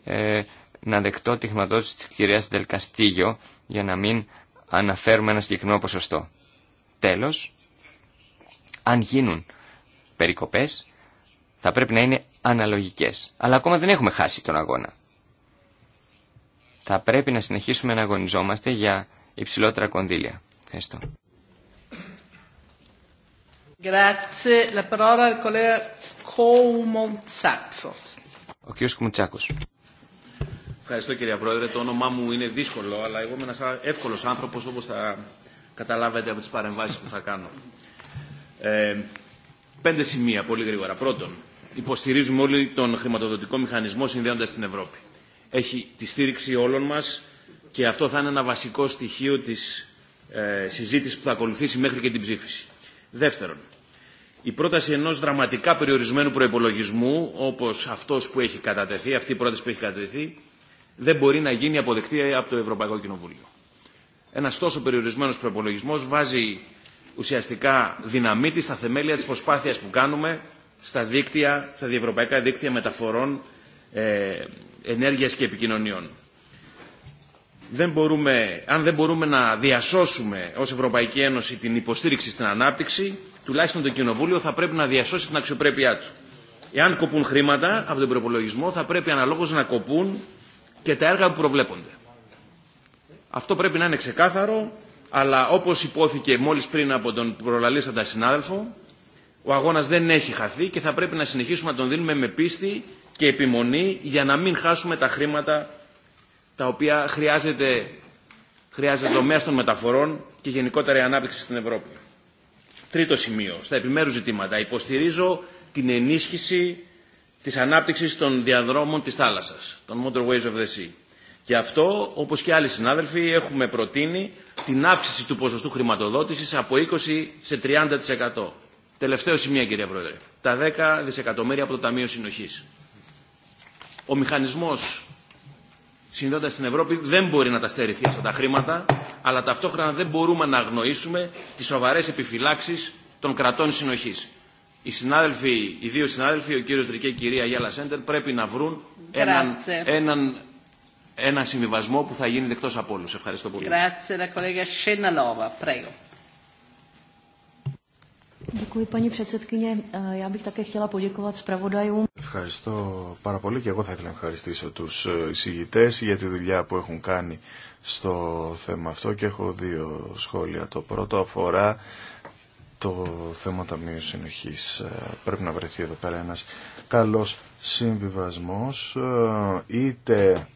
ε, να δεχτώ τη χρηματοδότηση της κυρίας Δελκαστήγιο για να μην αναφέρουμε ένα συγκεκριμένο ποσοστό. Τέλος, αν γίνουν περικοπές, θα πρέπει να είναι αναλογικές. Αλλά ακόμα δεν έχουμε χάσει τον αγώνα. Θα πρέπει να συνεχίσουμε να αγωνιζόμαστε για υψηλότερα κονδύλια. Ευχαριστώ. Ο κ. Κουμουτσάκος. Ευχαριστώ κυρία Πρόεδρε. Το όνομά μου είναι δύσκολο, αλλά εγώ είμαι ένας εύκολος άνθρωπος όπως θα καταλάβετε από τις παρεμβάσεις που θα κάνω. Ε, Πέντε σημεία, πολύ γρήγορα. Πρώτον, υποστηρίζουμε όλοι τον χρηματοδοτικό μηχανισμό συνδέοντα την Ευρώπη. Έχει τη στήριξη όλων μα και αυτό θα είναι ένα βασικό στοιχείο τη ε, συζήτηση που θα ακολουθήσει μέχρι και την ψήφιση. Δεύτερον, η πρόταση ενό δραματικά περιορισμένου προπολογισμού, όπω αυτό που έχει κατατεθεί, αυτή η πρόταση που έχει κατατεθεί, δεν μπορεί να γίνει αποδεκτή από το Ευρωπαϊκό Κοινοβούλιο. Ένα τόσο περιορισμένο προπολογισμό βάζει ουσιαστικά δυναμίτη στα θεμέλια της προσπάθειας που κάνουμε στα, δίκτυα, στα διευρωπαϊκά δίκτυα μεταφορών ε, ενέργειας και επικοινωνιών. Δεν μπορούμε, αν δεν μπορούμε να διασώσουμε ως Ευρωπαϊκή Ένωση την υποστήριξη στην ανάπτυξη, τουλάχιστον το Κοινοβούλιο θα πρέπει να διασώσει την αξιοπρέπειά του. Εάν κοπούν χρήματα από τον προπολογισμό, θα πρέπει αναλόγως να κοπούν και τα έργα που προβλέπονται. Αυτό πρέπει να είναι ξεκάθαρο αλλά όπως υπόθηκε μόλις πριν από τον προλαλήσαντα συνάδελφο, ο αγώνας δεν έχει χαθεί και θα πρέπει να συνεχίσουμε να τον δίνουμε με πίστη και επιμονή για να μην χάσουμε τα χρήματα τα οποία χρειάζεται, χρειάζεται μέσο των μεταφορών και γενικότερα η ανάπτυξη στην Ευρώπη. Τρίτο σημείο, στα επιμέρους ζητήματα. Υποστηρίζω την ενίσχυση της ανάπτυξης των διαδρόμων της θάλασσας, των motorways of the sea και αυτό, όπως και άλλοι συνάδελφοι, έχουμε προτείνει την αύξηση του ποσοστού χρηματοδότησης από 20% σε 30%. Τελευταίο σημείο, κυρία Πρόεδρε. Τα 10 δισεκατομμύρια από το Ταμείο Συνοχής. Ο μηχανισμός συνδέοντας στην Ευρώπη δεν μπορεί να τα στερηθεί αυτά τα χρήματα, αλλά ταυτόχρονα δεν μπορούμε να αγνοήσουμε τις σοβαρές επιφυλάξεις των κρατών συνοχής. Οι, δύο συνάδελφοι, ο κύριος Δρικέ και η κυρία Γιάλα Σέντερ, πρέπει να βρουν έναν, έναν ένα συμβιβασμό που θα γίνει δεκτός από όλους. Ευχαριστώ πολύ. Ευχαριστώ πάρα πολύ και εγώ θα ήθελα να ευχαριστήσω τους ε, εισηγητές για τη δουλειά που έχουν κάνει στο θέμα αυτό και έχω δύο σχόλια. Το πρώτο αφορά το θέμα Ταμείου Συνοχής. Ε, πρέπει να βρεθεί εδώ πέρα ένας καλός συμβιβασμός. Ε, είτε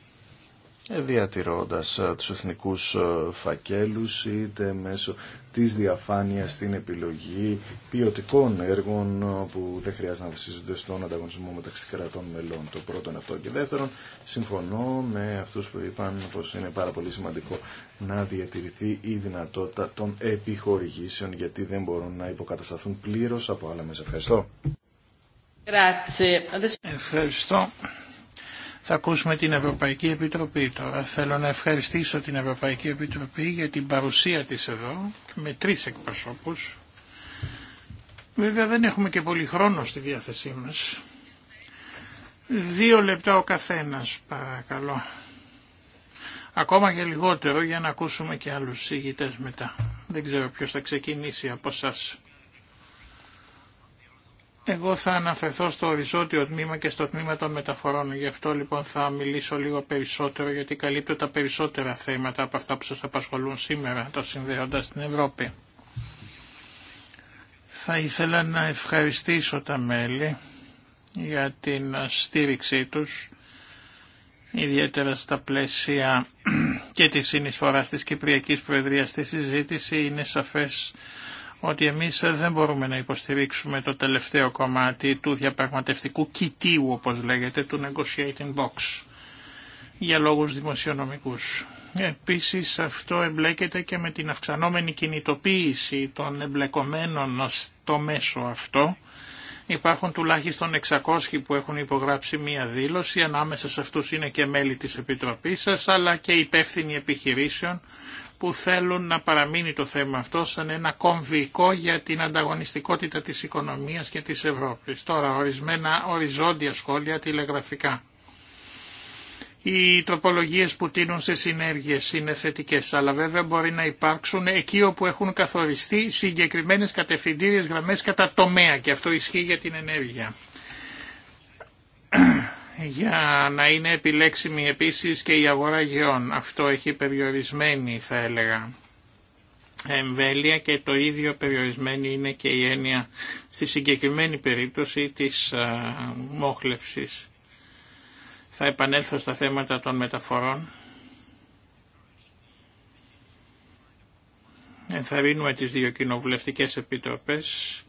ε, διατηρώντας ε, τους εθνικούς ε, φακέλους είτε μέσω της διαφάνειας στην επιλογή ποιοτικών έργων που δεν χρειάζεται να βασίζονται στον ανταγωνισμό μεταξύ κρατών μελών. Το πρώτον αυτό και δεύτερον, συμφωνώ με αυτούς που είπαν πως είναι πάρα πολύ σημαντικό να διατηρηθεί η δυνατότητα των επιχορηγήσεων γιατί δεν μπορούν να υποκατασταθούν πλήρως από άλλα μέσα. Ευχαριστώ. Θα ακούσουμε την Ευρωπαϊκή Επιτροπή τώρα. Θέλω να ευχαριστήσω την Ευρωπαϊκή Επιτροπή για την παρουσία της εδώ με τρεις εκπροσώπους. Βέβαια δεν έχουμε και πολύ χρόνο στη διάθεσή μας. Δύο λεπτά ο καθένας παρακαλώ. Ακόμα και λιγότερο για να ακούσουμε και άλλους συγητές μετά. Δεν ξέρω ποιος θα ξεκινήσει από σας. Εγώ θα αναφερθώ στο οριζόντιο τμήμα και στο τμήμα των μεταφορών. Γι' αυτό λοιπόν θα μιλήσω λίγο περισσότερο γιατί καλύπτω τα περισσότερα θέματα από αυτά που σας απασχολούν σήμερα, το Συνδέοντα στην Ευρώπη. Θα ήθελα να ευχαριστήσω τα μέλη για την στήριξή τους, ιδιαίτερα στα πλαίσια και τη συνεισφορά της Κυπριακής Προεδρίας στη συζήτηση. Είναι σαφές ότι εμείς δεν μπορούμε να υποστηρίξουμε το τελευταίο κομμάτι του διαπραγματευτικού κοιτίου, όπως λέγεται, του negotiating box, για λόγους δημοσιονομικούς. Επίσης αυτό εμπλέκεται και με την αυξανόμενη κινητοποίηση των εμπλεκομένων στο μέσο αυτό. Υπάρχουν τουλάχιστον 600 που έχουν υπογράψει μία δήλωση, ανάμεσα σε αυτούς είναι και μέλη της Επιτροπής σας, αλλά και υπεύθυνοι επιχειρήσεων που θέλουν να παραμείνει το θέμα αυτό σαν ένα κομβικό για την ανταγωνιστικότητα της οικονομίας και της Ευρώπης. Τώρα ορισμένα οριζόντια σχόλια τηλεγραφικά. Οι τροπολογίες που τίνουν σε συνέργειες είναι θετικές, αλλά βέβαια μπορεί να υπάρξουν εκεί όπου έχουν καθοριστεί συγκεκριμένες κατευθυντήριες γραμμές κατά τομέα και αυτό ισχύει για την ενέργεια για να είναι επιλέξιμη επίσης και η αγορά γεών. Αυτό έχει περιορισμένη θα έλεγα εμβέλεια και το ίδιο περιορισμένη είναι και η έννοια στη συγκεκριμένη περίπτωση της ε, μόχλευσης. Θα επανέλθω στα θέματα των μεταφορών. Ενθαρρύνουμε τις δύο κοινοβουλευτικές επιτροπές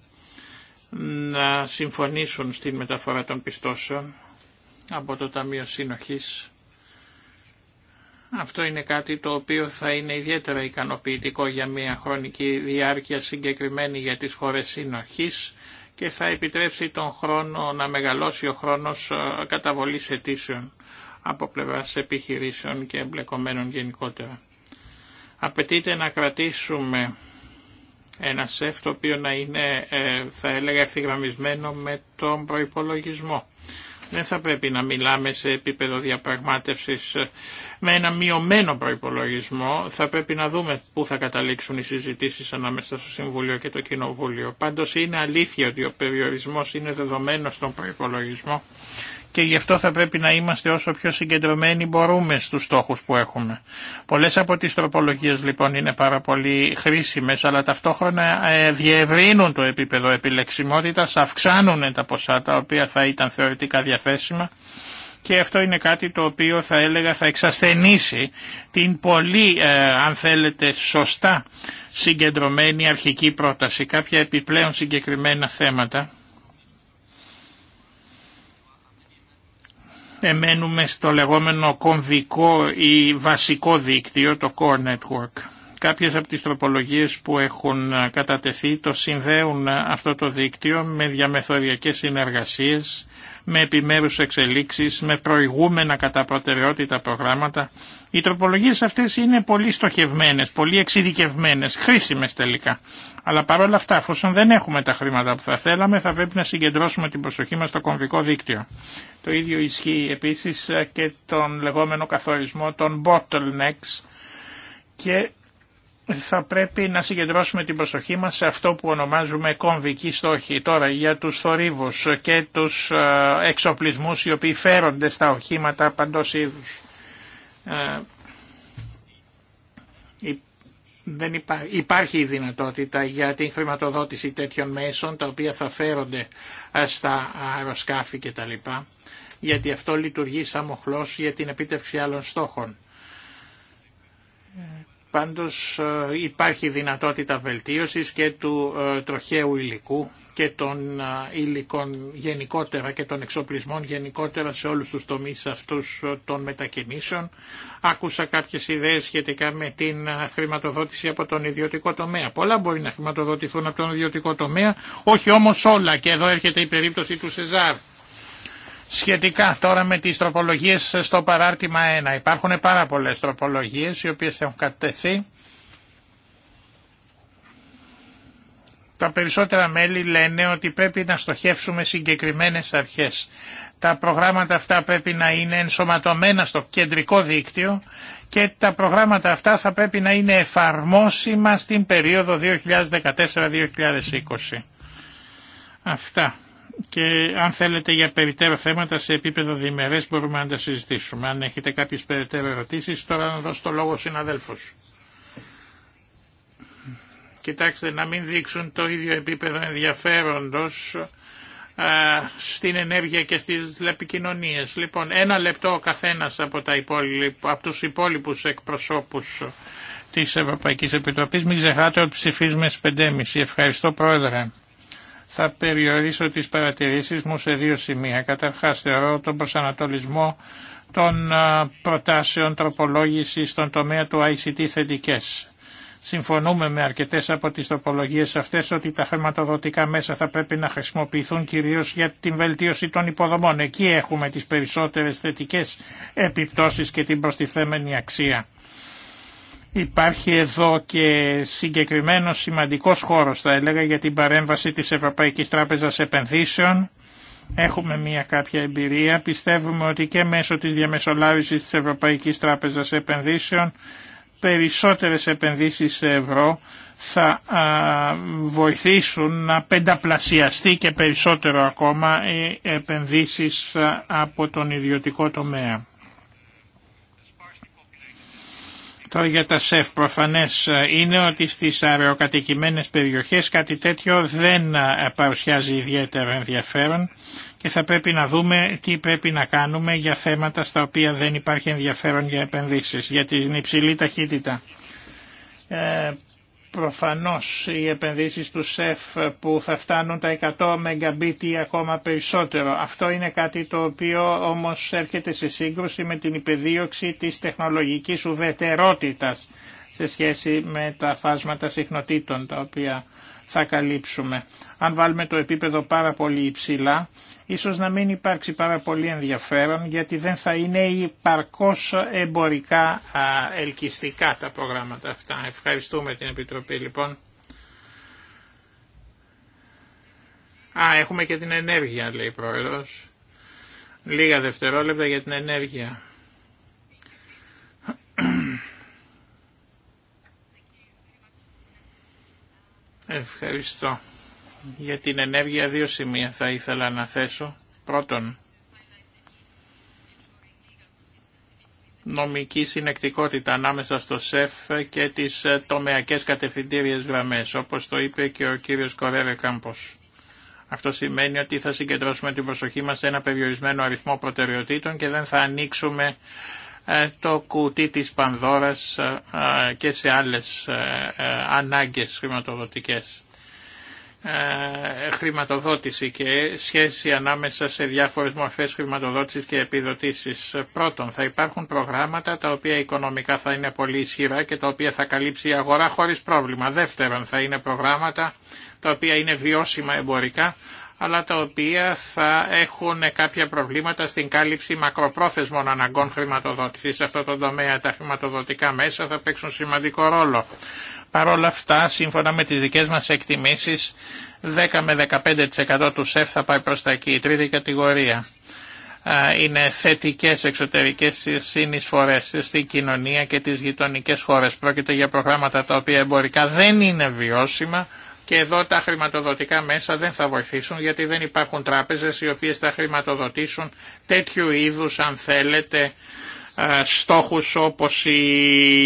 να συμφωνήσουν στην μεταφορά των πιστώσεων από το Ταμείο Συνοχής. Αυτό είναι κάτι το οποίο θα είναι ιδιαίτερα ικανοποιητικό για μια χρονική διάρκεια συγκεκριμένη για τις χώρες συνοχής και θα επιτρέψει τον χρόνο να μεγαλώσει ο χρόνος ε, καταβολής αιτήσεων από πλευράς επιχειρήσεων και εμπλεκομένων γενικότερα. Απαιτείται να κρατήσουμε ένα σεφ το οποίο να είναι ε, θα έλεγα ευθυγραμμισμένο με τον προϋπολογισμό. Δεν θα πρέπει να μιλάμε σε επίπεδο διαπραγμάτευσης με ένα μειωμένο προϋπολογισμό. Θα πρέπει να δούμε πού θα καταλήξουν οι συζητήσεις ανάμεσα στο Συμβούλιο και το Κοινοβούλιο. Πάντως είναι αλήθεια ότι ο περιορισμός είναι δεδομένο στον προϋπολογισμό και γι' αυτό θα πρέπει να είμαστε όσο πιο συγκεντρωμένοι μπορούμε στους στόχους που έχουμε. Πολλές από τις τροπολογίες λοιπόν είναι πάρα πολύ χρήσιμες, αλλά ταυτόχρονα ε, διευρύνουν το επίπεδο επιλεξιμότητας, αυξάνουν τα ποσά τα οποία θα ήταν θεωρητικά διαθέσιμα και αυτό είναι κάτι το οποίο θα έλεγα θα εξασθενήσει την πολύ, ε, αν θέλετε, σωστά συγκεντρωμένη αρχική πρόταση. Κάποια επιπλέον συγκεκριμένα θέματα εμένουμε στο λεγόμενο κομβικό ή βασικό δίκτυο, το Core Network. Κάποιες από τις τροπολογίες που έχουν ε, κατατεθεί το συνδέουν ε, αυτό το δίκτυο με διαμεθοριακές συνεργασίες, με επιμέρους εξελίξεις, με προηγούμενα κατά προτεραιότητα προγράμματα. Οι τροπολογίες αυτές είναι πολύ στοχευμένες, πολύ εξειδικευμένες, χρήσιμες τελικά. Αλλά παρόλα αυτά, αφού δεν έχουμε τα χρήματα που θα θέλαμε, θα πρέπει να συγκεντρώσουμε την προσοχή μας στο κομβικό δίκτυο. Το ίδιο ισχύει επίσης ε, και τον λεγόμενο καθορισμό των bottlenecks και θα πρέπει να συγκεντρώσουμε την προσοχή μας σε αυτό που ονομάζουμε κομβική στόχη. Τώρα για τους θορύβους και τους ε, εξοπλισμούς οι οποίοι φέρονται στα οχήματα παντός είδους. Ε, δεν Υπάρχει η δυνατότητα για την χρηματοδότηση τέτοιων μέσων τα οποία θα φέρονται ε, στα αεροσκάφη κτλ. Γιατί αυτό λειτουργεί σαν μοχλός για την επίτευξη άλλων στόχων Πάντως ε, υπάρχει δυνατότητα βελτίωσης και του ε, τροχαίου υλικού και των ε, υλικών γενικότερα και των εξοπλισμών γενικότερα σε όλους τους τομείς αυτούς των μετακινήσεων. Άκουσα κάποιες ιδέες σχετικά με την χρηματοδότηση από τον ιδιωτικό τομέα. Πολλά μπορεί να χρηματοδοτηθούν από τον ιδιωτικό τομέα, όχι όμως όλα και εδώ έρχεται η περίπτωση του Σεζάρ Σχετικά τώρα με τις τροπολογίες στο παράρτημα 1. Υπάρχουν πάρα πολλές τροπολογίες οι οποίες έχουν κατεθεί. Τα περισσότερα μέλη λένε ότι πρέπει να στοχεύσουμε συγκεκριμένες αρχές. Τα προγράμματα αυτά πρέπει να είναι ενσωματωμένα στο κεντρικό δίκτυο και τα προγράμματα αυτά θα πρέπει να είναι εφαρμόσιμα στην περίοδο 2014-2020. Αυτά και αν θέλετε για περιττέρω θέματα σε επίπεδο διμερές μπορούμε να τα συζητήσουμε. Αν έχετε κάποιες περιττέρω ερωτήσεις, τώρα να δώσω το λόγο συναδέλφος. Κοιτάξτε, να μην δείξουν το ίδιο επίπεδο ενδιαφέροντος α, στην ενέργεια και στις λεπικοινωνίες. Λοιπόν, ένα λεπτό ο καθένας από, τα υπόλοιπου από τους υπόλοιπους εκπροσώπους της Ευρωπαϊκής Επιτροπής. Μην ξεχάτε ότι ψηφίζουμε στις 5.30. Ευχαριστώ Πρόεδρε θα περιορίσω τις παρατηρήσεις μου σε δύο σημεία. Καταρχάς θεωρώ τον προσανατολισμό των προτάσεων τροπολόγησης στον τομέα του ICT θετικές. Συμφωνούμε με αρκετές από τις τροπολογίες αυτές ότι τα χρηματοδοτικά μέσα θα πρέπει να χρησιμοποιηθούν κυρίως για την βελτίωση των υποδομών. Εκεί έχουμε τις περισσότερες θετικές επιπτώσεις και την προστιθέμενη αξία. Υπάρχει εδώ και συγκεκριμένο σημαντικός χώρος θα έλεγα για την παρέμβαση της Ευρωπαϊκής Τράπεζας Επενδύσεων. Έχουμε μια κάποια εμπειρία. Πιστεύουμε ότι και μέσω της διαμεσολάβησης της Ευρωπαϊκής Τράπεζας Επενδύσεων περισσότερες επενδύσεις σε ευρώ θα βοηθήσουν να πενταπλασιαστεί και περισσότερο ακόμα οι επενδύσεις από τον ιδιωτικό τομέα. Το για τα ΣΕΦ προφανές ε, είναι ότι στις αεροκατοικημένες περιοχές κάτι τέτοιο δεν ε, παρουσιάζει ιδιαίτερο ενδιαφέρον και θα πρέπει να δούμε τι πρέπει να κάνουμε για θέματα στα οποία δεν υπάρχει ενδιαφέρον για επενδύσεις, για την υψηλή ταχύτητα. Ε, Προφανώς οι επενδύσεις του ΣΕΦ που θα φτάνουν τα 100 μεγαμπίτη ακόμα περισσότερο. Αυτό είναι κάτι το οποίο όμως έρχεται σε σύγκρουση με την υπεδίωξη της τεχνολογικής ουδετερότητας σε σχέση με τα φάσματα συχνοτήτων τα οποία θα καλύψουμε. Αν βάλουμε το επίπεδο πάρα πολύ υψηλά, ίσως να μην υπάρξει πάρα πολύ ενδιαφέρον γιατί δεν θα είναι υπαρκώς εμπορικά ελκυστικά τα προγράμματα αυτά. Ευχαριστούμε την Επιτροπή λοιπόν. Α, έχουμε και την ενέργεια λέει η Πρόεδρος. Λίγα δευτερόλεπτα για την ενέργεια. Ευχαριστώ. Για την ενέργεια δύο σημεία θα ήθελα να θέσω. Πρώτον, νομική συνεκτικότητα ανάμεσα στο ΣΕΦ και τις τομεακές κατευθυντήριες γραμμές, όπως το είπε και ο κύριος Κορέρε Κάμπος. Αυτό σημαίνει ότι θα συγκεντρώσουμε την προσοχή μας σε ένα περιορισμένο αριθμό προτεραιοτήτων και δεν θα ανοίξουμε ε, το κουτί της Πανδώρας ε, ε, και σε άλλες ανάγκες χρηματοδοτικές. Χρηματοδότηση και σχέση ανάμεσα σε διάφορες μορφές χρηματοδότησης και επιδοτήσεις. Πρώτον, θα υπάρχουν προγράμματα τα οποία οικονομικά θα είναι πολύ ισχυρά και τα οποία θα καλύψει η αγορά χωρίς πρόβλημα. Δεύτερον, θα είναι προγράμματα τα οποία είναι βιώσιμα εμπορικά αλλά τα οποία θα έχουν κάποια προβλήματα στην κάλυψη μακροπρόθεσμων αναγκών χρηματοδότησης. Σε αυτό το τομέα τα χρηματοδοτικά μέσα θα παίξουν σημαντικό ρόλο. Παρ' όλα αυτά, σύμφωνα με τις δικές μας εκτιμήσεις, 10 με 15% του ΣΕΦ θα πάει προς τα εκεί, η τρίτη κατηγορία. Είναι θετικές εξωτερικές συνεισφορές στην κοινωνία και τις γειτονικές χώρες. Πρόκειται για προγράμματα τα οποία εμπορικά δεν είναι βιώσιμα, και εδώ τα χρηματοδοτικά μέσα δεν θα βοηθήσουν γιατί δεν υπάρχουν τράπεζες οι οποίες θα χρηματοδοτήσουν τέτοιου είδους αν θέλετε στόχους όπως η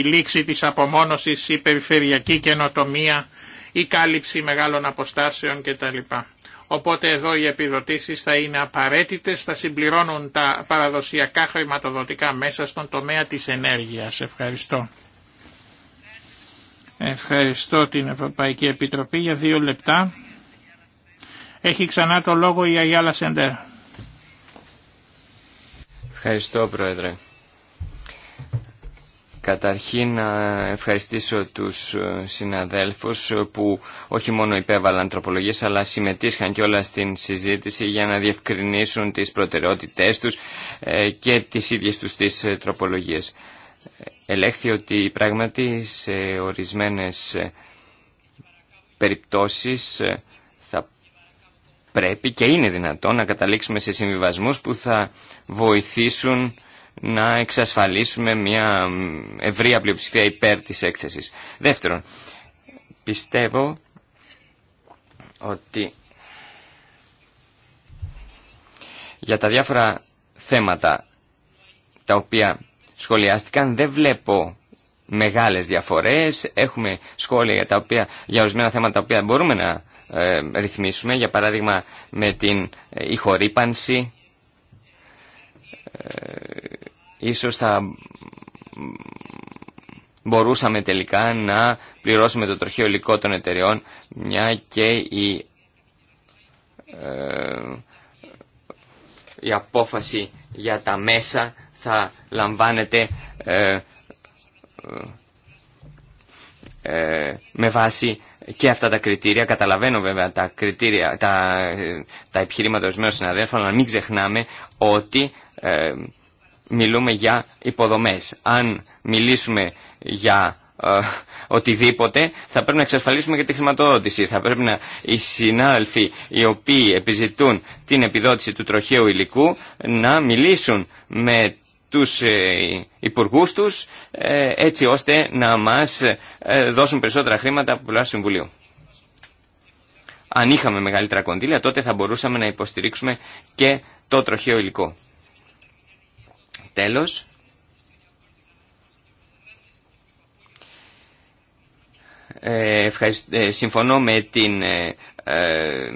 λήξη της απομόνωσης, η περιφερειακή καινοτομία, η κάλυψη μεγάλων αποστάσεων κτλ. Οπότε εδώ οι επιδοτήσεις θα είναι απαραίτητες, θα συμπληρώνουν τα παραδοσιακά χρηματοδοτικά μέσα στον τομέα της ενέργειας. Ευχαριστώ. Ευχαριστώ την Ευρωπαϊκή Επιτροπή για δύο λεπτά. Έχει ξανά το λόγο η Αγιάλα Σεντέρ. Ευχαριστώ Πρόεδρε. Καταρχήν να ευχαριστήσω τους ε, συναδέλφους ε, που όχι μόνο υπέβαλαν τροπολογίες αλλά συμμετείχαν και στην συζήτηση για να διευκρινίσουν τις προτεραιότητές τους ε, και τις ίδιες τους τις τροπολογίες ελέγχθη ότι πράγματι σε ορισμένες περιπτώσεις θα πρέπει και είναι δυνατόν να καταλήξουμε σε συμβιβασμούς που θα βοηθήσουν να εξασφαλίσουμε μια ευρεία πλειοψηφία υπέρ της έκθεσης. Δεύτερον, πιστεύω ότι για τα διάφορα θέματα τα οποία σχολιάστηκαν. Δεν βλέπω μεγάλες διαφορές. Έχουμε σχόλια για, τα οποία, για ορισμένα θέματα τα οποία μπορούμε να ε, ρυθμίσουμε. Για παράδειγμα με την ε, ηχορύπανση. Ε, ίσως θα μπορούσαμε τελικά να πληρώσουμε το τροχείο υλικό των εταιρεών, μια και η, ε, η απόφαση για τα μέσα θα λαμβάνεται ε, ε, ε, με βάση και αυτά τα κριτήρια. Καταλαβαίνω βέβαια τα κριτήρια, τα, τα επιχειρήματα ορισμένων συναδέλφων, αλλά μην ξεχνάμε ότι ε, μιλούμε για υποδομές. Αν μιλήσουμε για ε, οτιδήποτε, θα πρέπει να εξασφαλίσουμε και τη χρηματοδότηση. Θα πρέπει να οι συνάδελφοι οι οποίοι επιζητούν την επιδότηση του τροχαίου υλικού να μιλήσουν με τους ε, υπουργού τους ε, έτσι ώστε να μας ε, δώσουν περισσότερα χρήματα από πλευρά Συμβουλίου. Αν είχαμε μεγαλύτερα κονδύλια τότε θα μπορούσαμε να υποστηρίξουμε και το τροχαίο υλικό. Τέλος, συμφωνώ με, την,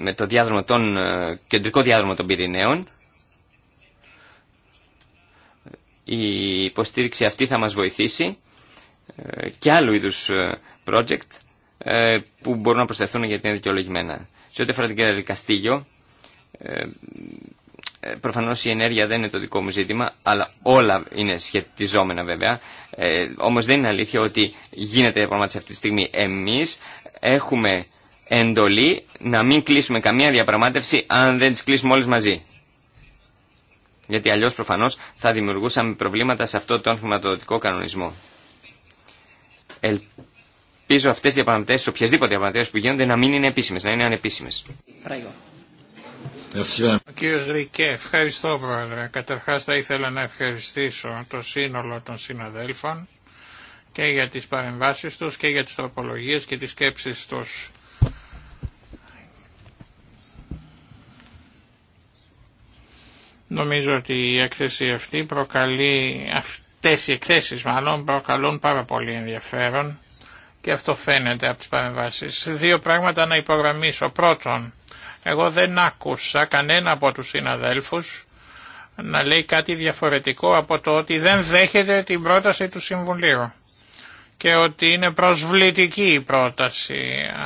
με το διάδρομο των, κεντρικό διάδρομο των πυρηναίων η υποστήριξη αυτή θα μας βοηθήσει ε, και άλλου είδους ε, project ε, που μπορούν να προσθεθούν γιατί είναι δικαιολογημένα. Σε ό,τι αφορά την κυρία Δικαστήγιο, προφανώς η ενέργεια δεν είναι το δικό μου ζήτημα, αλλά όλα είναι σχετιζόμενα βέβαια. όμως δεν είναι αλήθεια ότι γίνεται η διαπραγμάτευση αυτή τη στιγμή. Εμείς έχουμε εντολή να μην κλείσουμε καμία διαπραγμάτευση αν δεν τις κλείσουμε όλες μαζί γιατί αλλιώ προφανώ θα δημιουργούσαμε προβλήματα σε αυτό τον χρηματοδοτικό κανονισμό. Ελπίζω αυτές οι διαπραγματεύσει, οποιασδήποτε διαπραγματεύσει που γίνονται, να μην είναι επίσημες, να είναι ανεπίσημες. Κύριε Ρικέ, ευχαριστώ πρόεδρε. Καταρχά θα ήθελα να ευχαριστήσω το σύνολο των συναδέλφων και για τις παρεμβάσεις τους και για τις τροπολογίες και τις σκέψεις τους. Νομίζω ότι η έκθεση αυτή προκαλεί, αυτές οι εκθέσεις μάλλον προκαλούν πάρα πολύ ενδιαφέρον και αυτό φαίνεται από τις παρεμβάσεις. Δύο πράγματα να υπογραμμίσω. Πρώτον, εγώ δεν άκουσα κανένα από τους συναδέλφους να λέει κάτι διαφορετικό από το ότι δεν δέχεται την πρόταση του Συμβουλίου και ότι είναι προσβλητική η πρόταση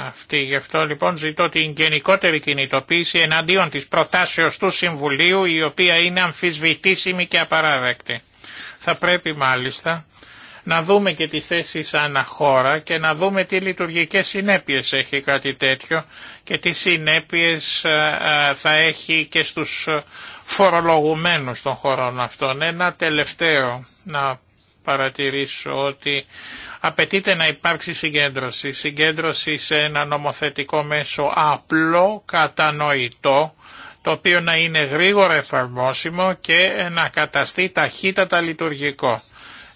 αυτή. Γι' αυτό λοιπόν ζητώ την γενικότερη κινητοποίηση εναντίον της προτάσεως του Συμβουλίου η οποία είναι αμφισβητήσιμη και απαράδεκτη. Θα πρέπει μάλιστα να δούμε και τις θέσεις αναχώρα και να δούμε τι λειτουργικές συνέπειες έχει κάτι τέτοιο και τι συνέπειες ε, ε, θα έχει και στους φορολογουμένους των χωρών αυτών. Ένα τελευταίο να παρατηρήσω ότι απαιτείται να υπάρξει συγκέντρωση. Συγκέντρωση σε ένα νομοθετικό μέσο απλό, κατανοητό, το οποίο να είναι γρήγορα εφαρμόσιμο και να καταστεί ταχύτατα λειτουργικό.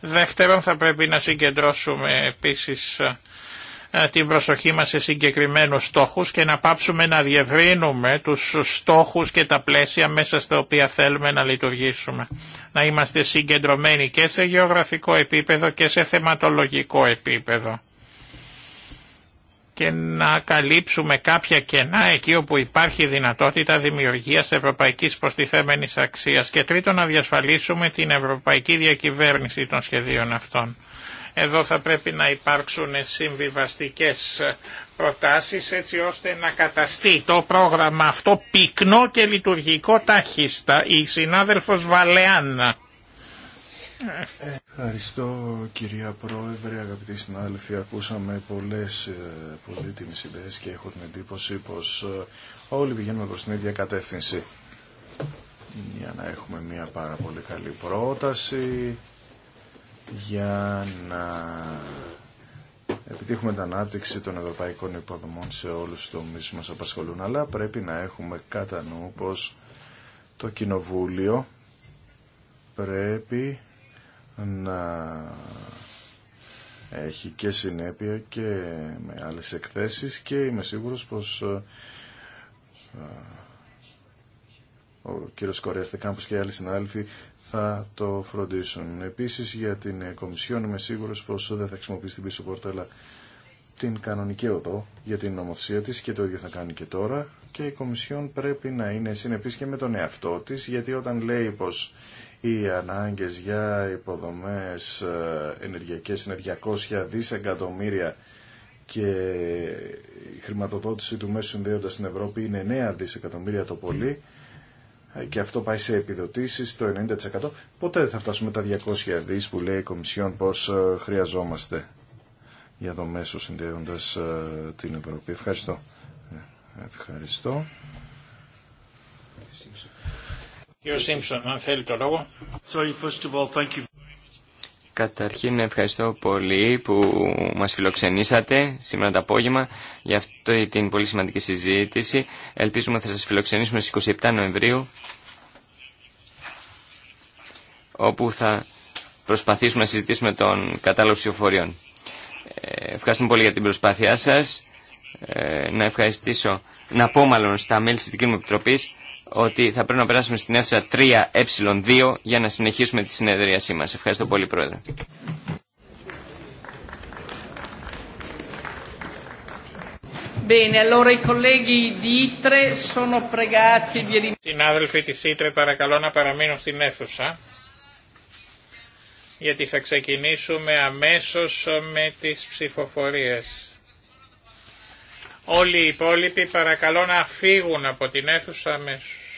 Δεύτερον θα πρέπει να συγκεντρώσουμε επίσης ε, την προσοχή μας σε συγκεκριμένους στόχους και να πάψουμε να διευρύνουμε τους στόχους και τα πλαίσια μέσα στα οποία θέλουμε να λειτουργήσουμε. Να είμαστε συγκεντρωμένοι και σε γεωγραφικό επίπεδο και σε θεματολογικό επίπεδο και να καλύψουμε κάποια κενά εκεί όπου υπάρχει δυνατότητα δημιουργίας ευρωπαϊκής προστιθέμενης αξίας και τρίτον να διασφαλίσουμε την ευρωπαϊκή διακυβέρνηση των σχεδίων αυτών. Εδώ θα πρέπει να υπάρξουν συμβιβαστικές προτάσεις έτσι ώστε να καταστεί το πρόγραμμα αυτό πυκνό και λειτουργικό τάχιστα. Η συνάδελφος Βαλεάννα. Ευχαριστώ κυρία Πρόεδρε, αγαπητοί συνάδελφοι. Ακούσαμε πολλές ε, πολύτιμες ιδέες και έχω την εντύπωση πως ε, όλοι πηγαίνουμε προς την ίδια κατεύθυνση για να έχουμε μια πάρα πολύ καλή πρόταση για να επιτύχουμε την ανάπτυξη των ευρωπαϊκών υποδομών σε όλους τους τομείς που μας απασχολούν, αλλά πρέπει να έχουμε κατά νου πως το Κοινοβούλιο πρέπει να έχει και συνέπεια και με άλλες εκθέσεις και είμαι σίγουρος πως ε, ε, ο κύριος Κορέας Τεκάμπους και οι άλλοι συνάδελφοι θα το φροντίσουν. Επίσης για την ε, Κομισιόν είμαι σίγουρος πως δεν θα χρησιμοποιήσει την πίσω πορτέλα την κανονική οδό για την νομοθεσία της και το ίδιο θα κάνει και τώρα και η Κομισιόν πρέπει να είναι συνεπής και με τον εαυτό της γιατί όταν λέει πως οι ανάγκες για υποδομές ε, ενεργειακές είναι 200 δισεκατομμύρια και η χρηματοδότηση του μέσου συνδέοντα στην Ευρώπη είναι 9 δισεκατομμύρια το πολύ και αυτό πάει σε επιδοτήσει το 90%. Ποτέ δεν θα φτάσουμε τα 200 δι που λέει η Κομισιόν πώς ε, χρειαζόμαστε για το μέσο συνδέοντας ε, την Ευρώπη. Ευχαριστώ. Ε, ευχαριστώ. Κύριο Σίμψον, αν θέλει το λόγο. Sorry, first of all, thank you. Καταρχήν ευχαριστώ πολύ που μας φιλοξενήσατε σήμερα το απόγευμα για αυτή την πολύ σημαντική συζήτηση. Ελπίζουμε ότι θα σας φιλοξενήσουμε στις 27 Νοεμβρίου όπου θα προσπαθήσουμε να συζητήσουμε τον κατάλογο ψηφοφοριών. Ε, ευχαριστούμε πολύ για την προσπάθειά σας. Ε, να ευχαριστήσω, να πω μάλλον στα μέλη της Δική μου Επιτροπής ότι θα πρέπει να περάσουμε στην αίθουσα 3ε2 για να συνεχίσουμε τη συνεδρίασή μας. Ευχαριστώ πολύ, Πρόεδρε. Συνάδελφοι της Ήτρε παρακαλώ να παραμείνουν στην αίθουσα γιατί θα ξεκινήσουμε αμέσως με τις ψηφοφορίες. Όλοι οι υπόλοιποι παρακαλώ να φύγουν από την αίθουσα αμέσως.